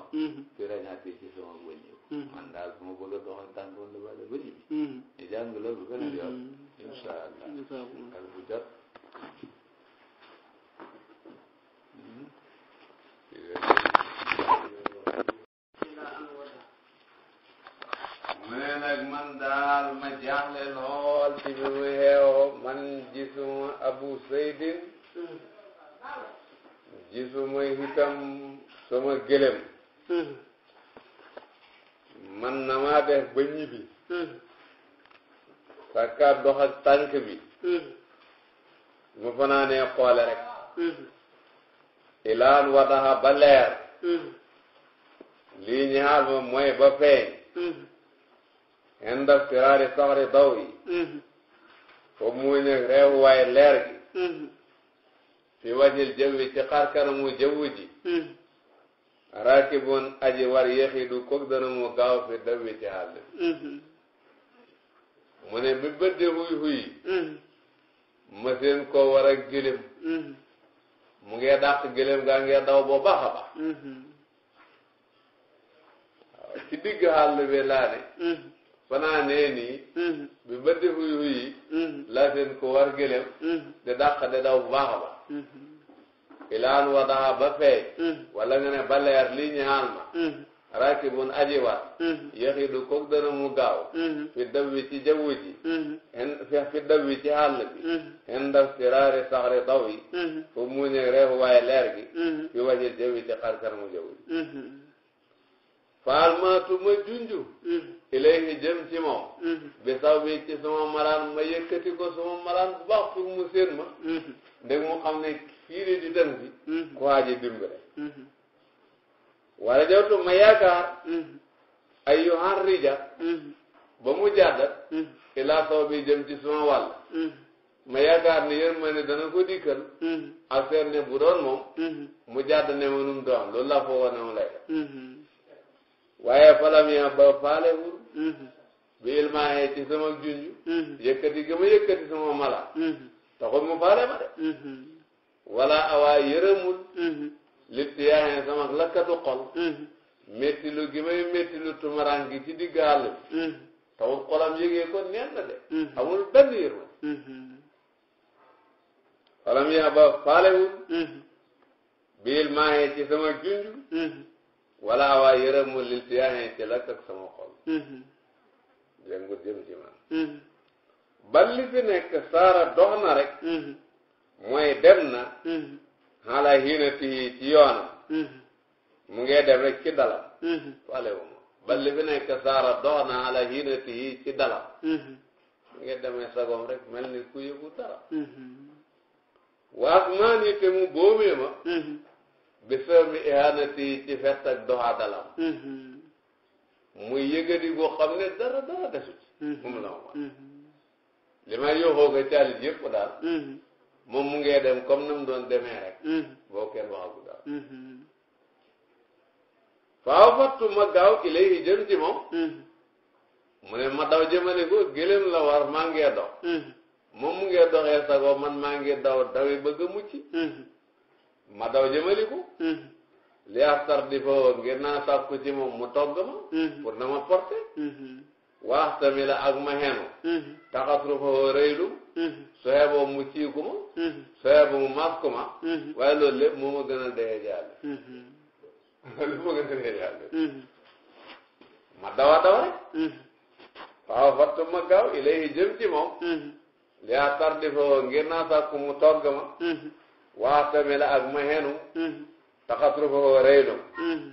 firañaati ci sama wëññi man daal su ma bëgg a doxal tànkoon lu bale wëññi bi ñu jàng loolu beneen yoon itam sama gëlëm hmm. man na maa def ba ñibbi saka hmm. dox ak tànk bi mu hmm. fanaanee xoole rek ilaan wataxa ba leer lii ñaar ma mooy ba feeñ xendaf tiraari soxri daw yi foofu mu ñëw waaye leer gi fi wajil jawwi ci xar kanamu jaww ji. Hmm. raakibun aji war yexidu kook dana mu gaaw fi dawi ci àll. Hmm. mu ne bi bëdde huy huy. Hmm. ma seen ko war ak gëlëm. mu ngi dàq gëlëm gaa ngi daw ba baax a baax. waaw digg àll bi laa ne. fanaa nee nii. bi bëdde huy huy. laa seen ko war gëlëm. di dàq di daw bu baax a baax. Mm-hmm. ilaan wadaa ba feeñ mm-hmm. wala nga ne ba leer lii ñaal ma mm-hmm. rakibun ajiwaat yaxidu kook dana mu gaaw fi dawwi ci jaww fi dawwi ci àll bi hen ndaw siraari saxri daw yi fu muñe reefu waaye leer gi fi wajil jawwi ci xarkar mu jaww faal maatu ma junju mm. ilayhi jëm ci moom mm. bi saw bi ci sama malaan ma yëkkati ko sama malaan bu baax pour mu séen ma mm. ndeg mu xam ne kii di di bi ku waaji dimbale wala jawtu ma yaakaar ay yohan rija ba mu jàddat ilaa saw bi jëm ci sama wàll ma yaakaar ne yéen ma ne dana ko dikkal ak ne bu doon moom mu jàdd ne ma num doon loolu laa foo war mu lay waaye falam ya ba faale wul mhm. bi ilmaayee ci sama junj mhm. yëkkati gëma yëkkati sama mala mhm. taxul mu faale ma de wala awaa yërëmul littiyaayee sama lakkatu xol métti lu gi may métti lu gi ci diggaal taxul xolam yëgee ko neen na de amul benn yërma falam ya ba faale wul bi ilmaayee ci sama junj wala waa yërëm mu lil tiyaane ci lakk ak sama xol mhm. jëngu jëm ci man mhm. ba rek mhm. mooy dem na xaala hiina tihi ci yoonam mu ngee dem ci dalam fale wu ma ba li fi nekk saara dox na xaala ci dalam mu ngee demee sagoom rek mel ni ku yëgu dara waas maan te mu boomee ma bi femi ihanati yi ci fett ak doxaa dalam mm-hmm. muy yëgadi boo xam ne dara dara desu ci mm-hmm. moom la ma mm-hmm. li may yoxoo ko caalit yëpp daal moom mu ngee dem comme ni mu doon demee rek boo kenn waxagu daal faaw fattu ma gaaw ilayhi jëm ci moom mu ne ma daw jëmale ko gëlëm la war maa ngee dox moom mu ngee doxee sago man maa ngi daw dawe bëgg a mucc ma daw jëmaliku hmm. li axtar di fa ngir naa sàkku ci moom mu togg ma hmm. pour na ma porté hmm. waax tamit la ak ma xenu taxasru fa rëylu so xeboo mu ciiku ma so xebo mu masku ma waaye loolu lépp moo ma gënal dee dee jaale ma dawa daw rek waaw fattu ma gaaw ilayhi jëm ci moom li axtar di fa ngir naa sàkku mu togg ma waxtami la ak ma henu mm-hmm. taxasrufoo reynom mm-hmm.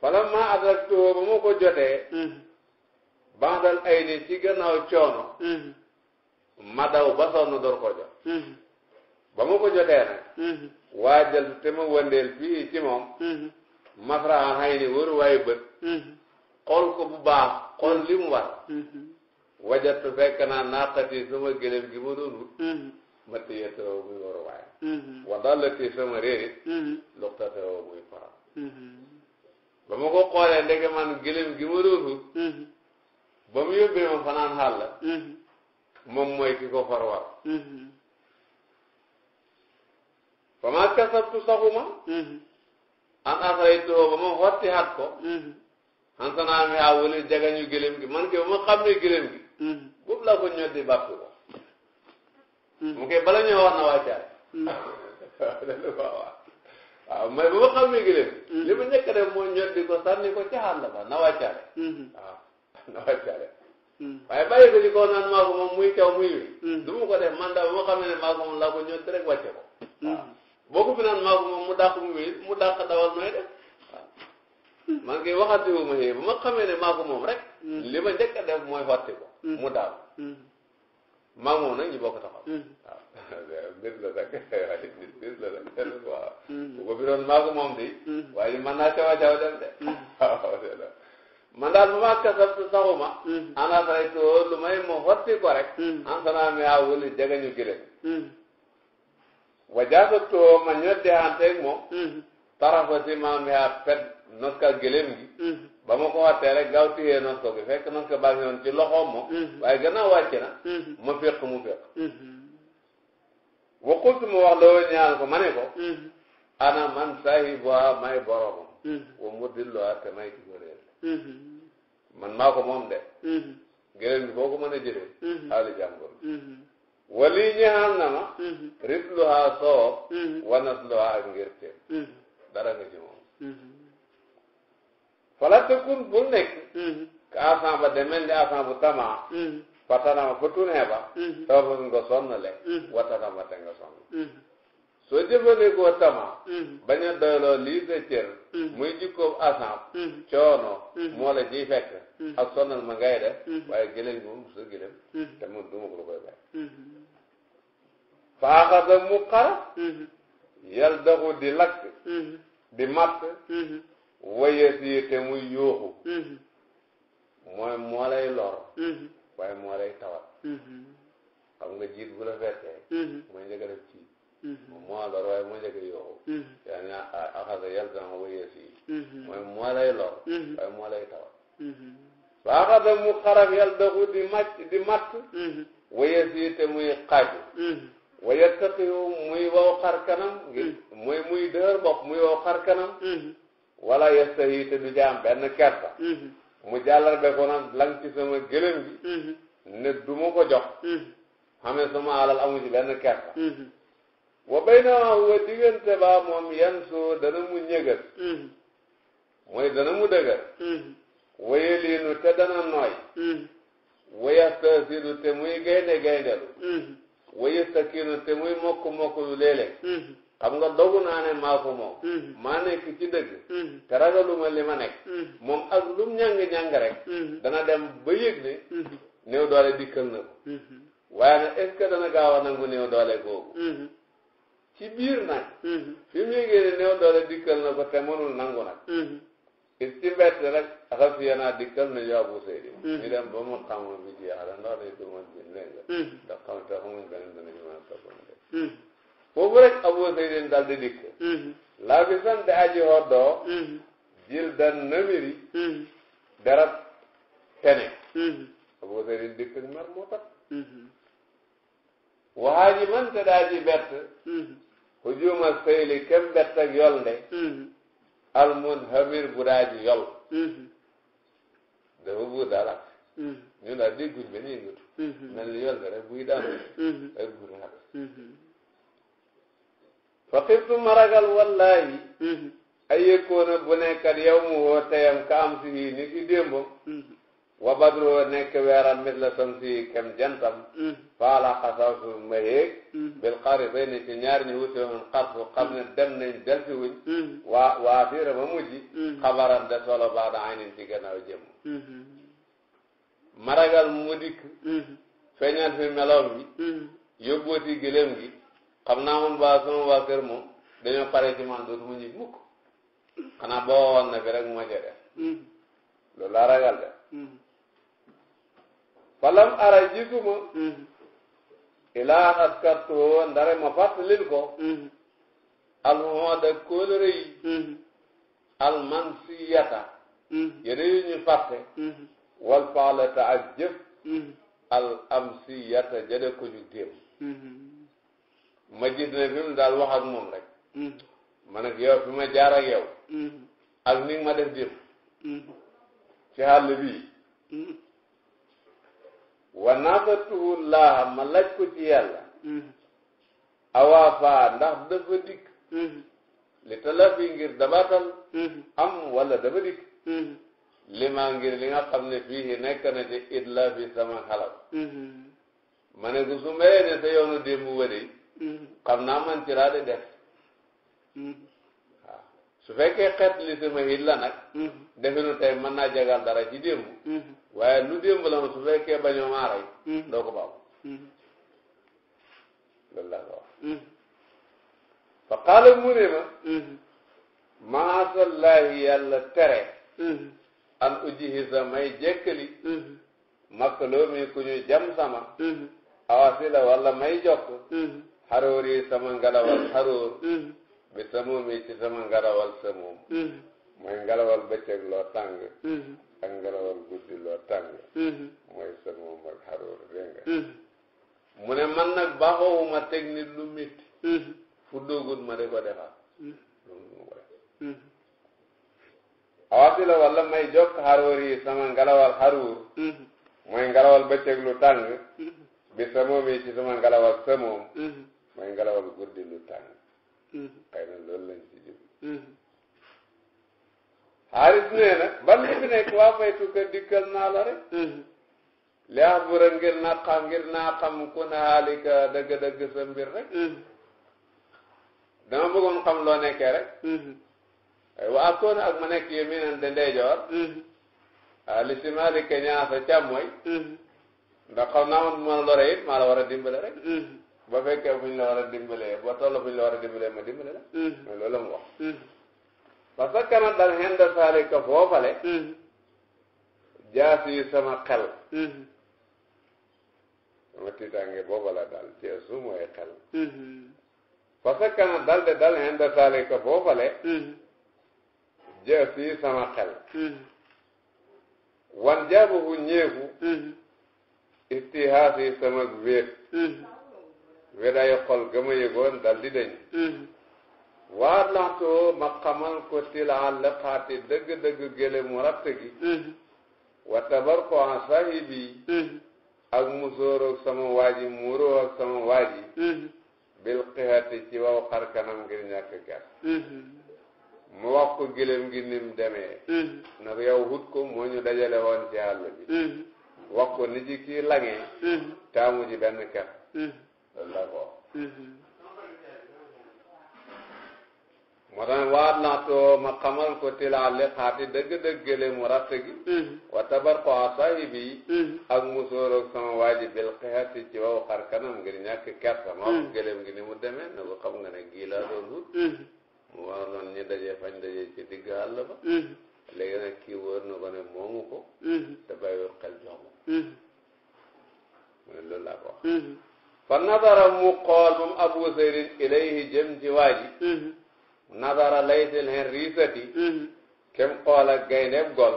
falamma adraktuhu ba mu ko jotee mm-hmm. bandal ay ni ci gannaaw coono ma daw ba sonn door ko jot ba mu ko jotee nag waajal te ma wëndeel fii ci moom masraxan xay ni wër waay bët xool ko bu baax xool war wajat fekk naa naqati sama gëlëm gi ma doon matti yetoo muy waruwaay wa dallati sama réerit luxtatoo muy faram ba ma ko xoolee ndeke man gëlëm gi ma doon ba mu yóbbee ma fanaan xàll moom mooy ki ko far war ba ma kasabtu saxuma an asaytoo ba ma xotti xat ko xan sanaa mi haa wala jagañu gëlëm gi man ke ba ma xam ne gëlëm gi boobu laa ko ñoddi bàpp ko mu hmm. koy bala ñuy wax na waa caay hmm. waaw mais bu ma xam ne hmm. li ma njëkk def moo ñor di ko sànni ko caxaan la ba na waa caay waaw na waa ko ci kaw naan maa ko moom muy caw muy wi du ma ko def ne maa ko ko ñor rek wàcce ko waaw boo ko mu dàq mu mu dàq dawal nooy def man kay waxati wu ma xëy bu ma xamee ne maa ko rek li ma njëkk a def mooy xotti ko mu daal maa moom nag ñu bokk taxaw. Hmm. waaw mbir la rek waaye nit mbir la rek hmm. waaw. Hmm. bu ko biroon maa ko moom de. waaye man naa cawa caw dem de. waaw c'est ça man daal bu ma kasab saxuma. ana say tool lu may mu xotti ko rek. an sanaa mi a wëli ma ñoddi pet noska gëlëm gi. ba ma ko gaaw téyee noonu ko bi fekk noonu ko bàyyi noonu ci loxoom moom mm-hmm. waaye gannaaw wàcc na ma mm-hmm. féq mu féq ma mm-hmm. wax loo ñaan ko ma ne ko ana man saahibuha may boromam wa mudilluha te may ci góoreel man maa ko moom de gëlëm bi foo ko mën a jëlee xaali jàmbur wali ñeexal na ma ritluha soob wanas luha ngir teem dara nga ci moom fala tëkkun bul nekk ka asan ba demel ni asan bu tamaa fatanama ba tunee ba tawa nga sonn le watanama te nga sonn soo jëfandikoo tamaa bañ a doyloo lii sa cër muy jikkoob asan coono moo la ciy fekk ak sonnal ma ngay def waaye gëlëm moom sa gëlëm te mun duma ko koy bay faaxasa mu xara yal daxu di lakk di matt wayes yi te muy yooxu mm-hmm. mooy moo lay lor mm-hmm. waaye moo lay tawat mm-hmm. xam nga jiit bu la fekkee mooy njëkk a def ci moo lor waaye moo njëkk a yooxu yaa ngi ah axasa yalzam wayes yi mooy moo lay lor waaye moo lay tawat ba axasa mu xaraf yal daxu di màcc di matt wayes yi te muy xaaju wayes taxiwu muy wow xar kanam ngir mooy muy dëër bopp muy wow xar kanam wala yastahi te du ca am benn kerta mhm. mu jàllar be ko lang ci sama gëlëm gi mhm. ne du ma ko jox mhm. xamee sama alal amu ci benn kerta wa bay na wa diggante ba moom yan soo dana mu ñëgal mooy dana mu dëgër waye liinu te dana nooy wayastasidu te muy gaynde gayndelu wayastakiinu te muy mokk mokk lu léeg xam nga dogu naa ma maa ko moom maa nekk ci dëgg te li ma nekk moom ak lu mu ñàng rek dana dem ba yëg ne néew doole dikkal na ko waaye nag est ce que dana gaaw a nangu néew doole googu ci biir nag fi mu ne néew doole dikkal na ko te mënul nangu nag is ci bett rek xafiya naa na yow bu seydi ñu dem ba mu xamul bi jeexale ndax day dumal bi nénga ndax xam te xamuñ beneen danañu mën a foofu rek Abu Zaydin daal mm-hmm. di dikk laa bi san de aji hoddoo jil namiri darat tene mm-hmm. Abu Zaydin dikk ni mar moo mm-hmm. man te daa ji bett hujuma sayli kem bett ak yol nde almun hamir bu daa ji yol dafa dalak ñu daal dégguñ ba ñu yëngatu mel ni yol nde rek buy daanu ak bu faqirtu ma ragal wallaahi mm-hmm. ay yëkkoona bu nekkat yow mu woo teyam ka am si ni ki démbam mm-hmm. wa badroo nekk weeram mit la sam si kem jantam mm-hmm. faala xasawtu ma héeg bil xari bay ne ci ñaar ñu wute woon xarfu xam ne dem nañ delsi wuñ waa waa fiira ma mujj xabaran de solo baax da aynin ci gannaaw jëm ma ragal mu dikk feeñal fi meloom gi yóbbooti gëlëm gi xam naa moom ba sama waa kër moom dañoo pare man dootu mu ñib mukk xanaa boo woon na fi rek moo ca def hmm. loolu laa ragal de hmm. falam ara gisuma hmm. ilaa askartu ndare ma fàttalil ko alxooda kóolëre yi almansiyata yére yu ñu fàtte wal faalata ak jëf al amsiyata jële ko ñu téem ma gis ne fi mu daal moom rek mm. ma ne yow fi ma jaar ak mm. ak ni ma def dem mm. ci xàll bii wa naadatuhu laaha ma laaj ko ci yàlla awaafaa ndax dafa dikk li talafi ngir dabatal am wala dafa dikk li maa ngir li nga xam ne fii nekk na ci idla fi sama xalaat ma ne ko su meree sa yoonu démb wëri xam naa man ci laa di def hmm. waaw su li sama hit la nag hmm. defe nu tey naa jagal dara ci démb hmm. waaye lu démb la ma su fekkee bañoo maa rey doo ko baaw loolu laa ko wax fa qaala mu ne ma maasallahi yàlla tere an ujihi samay jekkali mi ku ñu jam sama awasila walla may jokk xaruur yi sama ngalawal xaruur bi samuum yi ci sama ngalawal samuum mooy ngalawal bëccëg loo loo tàng mooy samuum ak xaruur dégg nga mu man nag baaxoowuma teg nit lu métti fu dóogut ma di ko defar awasila walla may jokk xaruur yi sama ngalawal xaruur mooy ngalawal bëccëg lu tàng bi samuum yi ci sama ngalawal samuum mooy ngelawal guddi lu tàng mm-hmm. xëy na loolu lañ ci jëm mm-hmm. xaalis nee na ban li fi nekk waa dikkal naa rek mm-hmm. li axbura ngir naa xam ngir naa xam ku na xaalika dëgg-dëgg sa mbir rek dama bëggoon xam loo nekkee rek waa koona ak ma nekk yi minan de ndeyjoor ah, li si maalika ñaa sa càmmooy ndax xaw naa man ma lore it maa la war a dimbale rek ba fekkee fu ñu la war a dimbalee la war a dimbalee ma dimbale la. mais mm. loolu la mu mm. dal henda saalika foofale. Mm. jaasi sama xel. sama tiitaange booba la daal jeesu mooy xel. parce que kana dal de dal henda saalika foofale. jaasi sama xel. wan jaabu ñeeku. istihaasi sama wéet. weday xol gëma yëgoon daldi di dañ hmm. waar laxtoo ma xamal ko tilaa lëqaati dëgg-dëgg gële mu ratt gi hmm. wa ko en sahibi hmm. ak musóor ak sama waaji muuroo ak sama waaji bil xihati ci waw xar kanam ngir ñàkk ger mu wax ko gi nim demee na ko yow hut ko moo ñu dajale woon ci àll bi wax ko ni ci kii langee taamu ji benn ker la ko mm-hmm. moo tax waat naa too ma xamal ko tilaa liqaati dëgg gi mm-hmm. wa tabar ko saahibi mm-hmm. ak musóor ak sama waaji bil xeexasi ci waw xar kanam ngir ñàkk kersa ma wax gëlem gi ni mu ne ko xam nga ne gii mu war doon ñu dajee fañ ci digg àll ba léegi nag kii wóor na ko ne moomu ko te bàyyiwul xel ma mu ne ko fa nadara mu xool moom abu zaydin ilayhi jëm ci waa ji nadara laytil hen riisati kem xool ak gayndeeb gol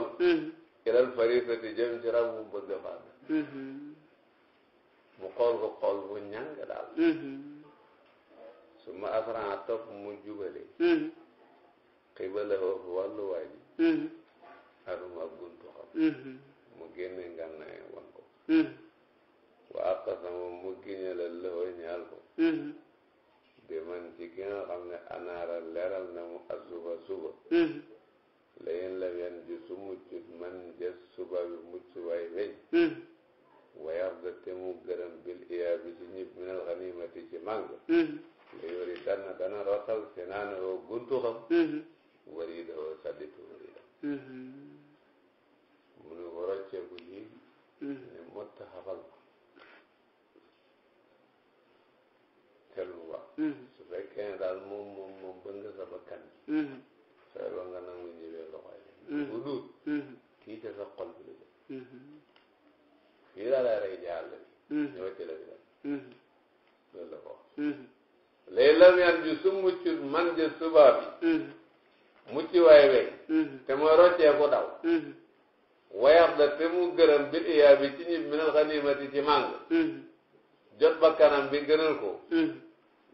ilal farisati jëm ci rab mu bëgg fàdd mu xool ko xool bu ñàng daal su ma asran topp mu jubale xibala hoofu wàllu waa ji aduma buntu xam mu génne ngànnaayam wan ko waa qasama mu giñalal lëxoo ñaal ko bi mm-hmm. man ci ki nga xam ne anaara na mu asuba suba layen mm-hmm. la wen ji su muccut man jës suba bi mucc waay weñ mm-hmm. wayar da te mu gërëm bil iyaa bi ci ñib minal xanimati ci màng la yori dana dana rotal se naana woo guntu xam wari da woo sadditu wari da mu ne ko rocceeku ji ne motta xafal Mm-hmm. su fekkee daal moom moom moom bëgg nga sa bakkan mm-hmm. sooy ba nga nangu ñëwee loxoy bu mm-hmm. duut kii te sa xol bi la jëm fii daal lay rey jaal la bi ñëw ci la bi la ju su muccut man ja subaa bi mucc waay weñ te mooy roccee ko daw wayax da te mu gërëm bi iyaa bi ci ñib minal xanimati ci màng jot bakkanam bi gënal ko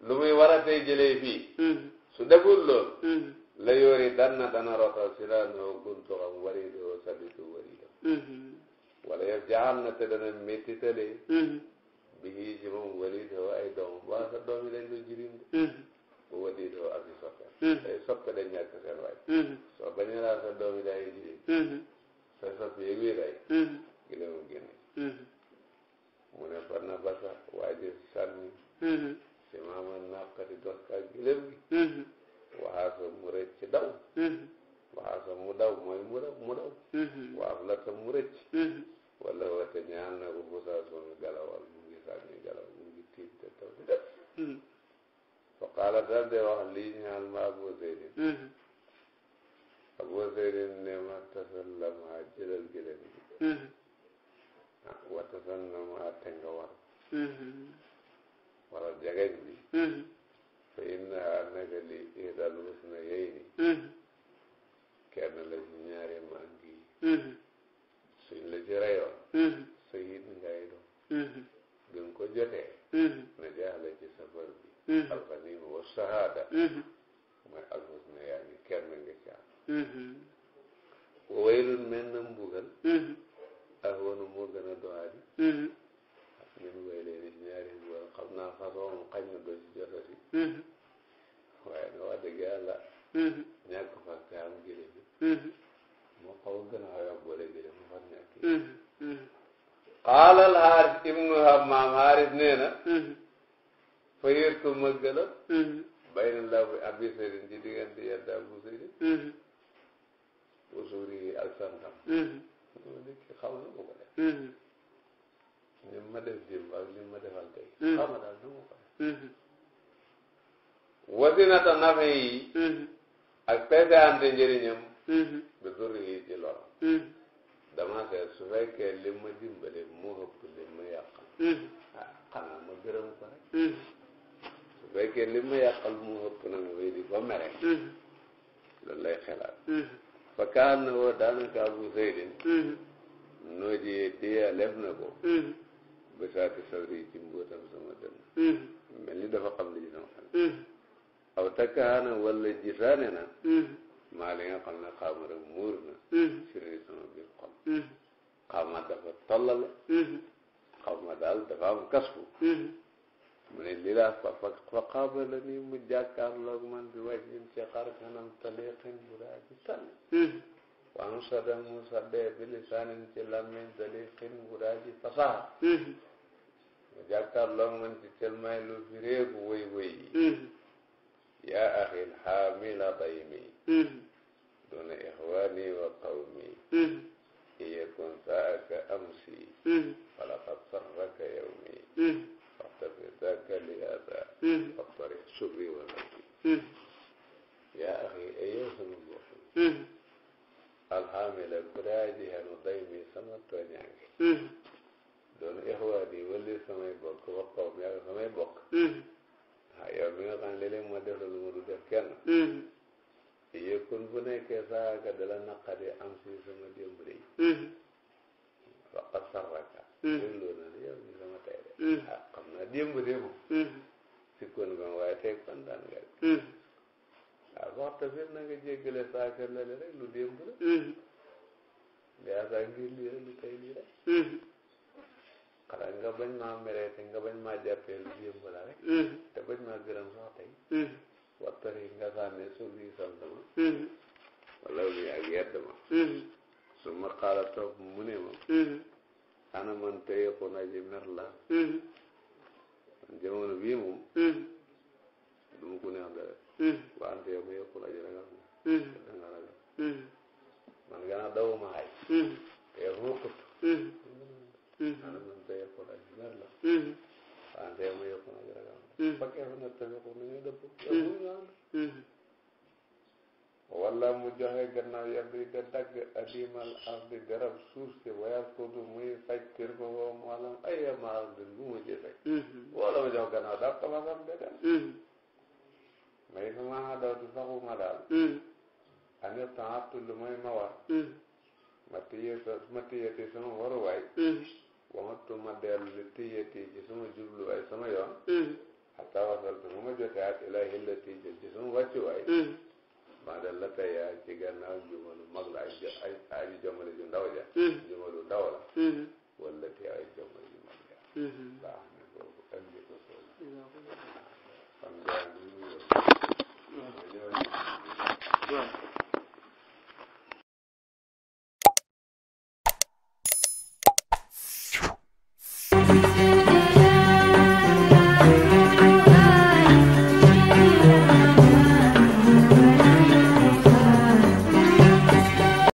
lu muy war a tey mm-hmm. su deful lool mm-hmm. la yoori danna dana rotal si laa noo guntu xam waridoo sabitu waridoo mm-hmm. wala yow jaxal na te dana métti tale bi ci moom waridoo ay doom waa sa doom yi dañ jirim de bu waridoo ak soppe ay soppe dañ ñàkk seen waay soo bañee laa sa doom yi day jirim soppe yi wii day gileemu génne mu ne fa na basa waa ji sànni si maamal naqati dox ka gëlëm gi mhm. waxaasa mu rëcc daw mhm. waxaasa mu daw mooy mu daw mu daw mhm. waaf la ta mu rëcc wala wate ñaan na ko busaa sunu galawal mu ngi sànni galaw mu ngi te taw def fa qaala dal wax lii ñaan ma abu zeydin abu zeydin ne ma tasallama jëlal gëlëm gi ah, wa tasallama te nga war wala jegeñ bi fa innaha naka li ihdal husna yeyni kenn la ci ñaari màgg yi suñ la ci reyoon sa yit ngay doon ko jotee na jaaxle ci safar bi alxaniima wa sahaada mooy alxusna yaa ngi kenn nga ci am wawaylun mel na mbugal ahwanu moo gën a doxali ñu dugal leen si ñaari góor xam naa façon mu xañ na doo mm-hmm. waaye nag wax dëgg yàlla. Mm-hmm. fa te am gëlëm. Mm-hmm. moo xaw a gën a xaw a boole mu fa nekk. qaala al Haaris ibnu Hammaam Haaris nee na. fa ma gëlëm. bay na laa buy abi sëriñ ci diggante yàlla bu sëriñ. usuuri ak santam. loolu xam na ko ko def. ma def démb ak ma defal tey mm-hmm. xam nga daal du ma ko def mm-hmm. wasinata nafe yi mm-hmm. ak peese bi duri yi ci loram dama seet su ma dimbale moo ëpp li ma yàqal ah xanaa ma gërëm ko rek su fekkee li ma yàqal moo ëpp nag wéy di ba mere loolu lay xelaat kaan na woo daanaka bu seydin noo jiyee lef na ko bisaati sadri ci mbóotam sama dënn mel ni dafa xam li ci sama xel aw takkaana wala jisaane na muur na sirri sama biir xol xaama dafa daal dafa am kasfu mu ne lii laa fa fa fa xaabala ni mu jàkkaarloog man bi wajhin ci xar kanam taliqin bu daa ji tànn waan sada mu sadee bi lisaanin ci làmmiñ taliqin bu daa ji fasaha mu jàkkaarloo man ci telmay lu fi réegu wëy wëy yaa mm-hmm. axil xaamila daymi mm-hmm. duna ixwaani wa qawmi mm-hmm. iyakun saaka amsi falaqad sarraka yawmi waxtafi saaka liyaasa waxtari surri wa nafsi yaa axi ayow sama mbokk alxaamila kuraaji hanu daymi sama tooñaange doon ixwaat yi samay bokk wa qawm yaa samay bokk. Mm-hmm. ah mi nga xam ne ma def la du def kenn. Mm-hmm. yéen kon bu nekkee saa ka dala naqari am si sama démb mm-hmm. faqat sarraka. loolu la ne yow mi sama tey de. ah xam naa démb si kon nga waaye tey kontaan nga de. ah waxta bi na nga jéggale saa ka la rek lu démb la. mais asa ngir lii rek lu tey xanaa nga bañ maa meree nga bañ maa jàppee lu yëmb la rek te bañ maa gërëm sax tey wattari nga sànne suuf yi sant ma wala lu ak yedd ma su ma xaala mu ne ana man tayeku na ji mer la man jamono bii mu ko neex dara wante yow ma yeku na ji ragal ma danga man gana daw ma ay te yow ana mun ta yëpp la mer la waa ndee mu yëpp nag ragal ba keefu mu joxe gannaaw yàgg yi nga dagg ardi garab suuf si wayal ko du muy faj kër ko woo mu alam ay maal din bu mu jëfe wala mu jox gannaaw daal tamasam de dem mais fi maa daw di ma war waxtu ma dellu li tiyati ci suma jubluwaay sama yoon. xataa hmm. wasal bi ma jotee ak ilaa hillati jëm ci suma wàccuwaay. maa hmm. del la tey yaa ci gannaaw jumalu mag la ay ay ay jomale hmm. jumalu ndaw la. wala ay jomale ju mag ja. baax na boobu andi ko soo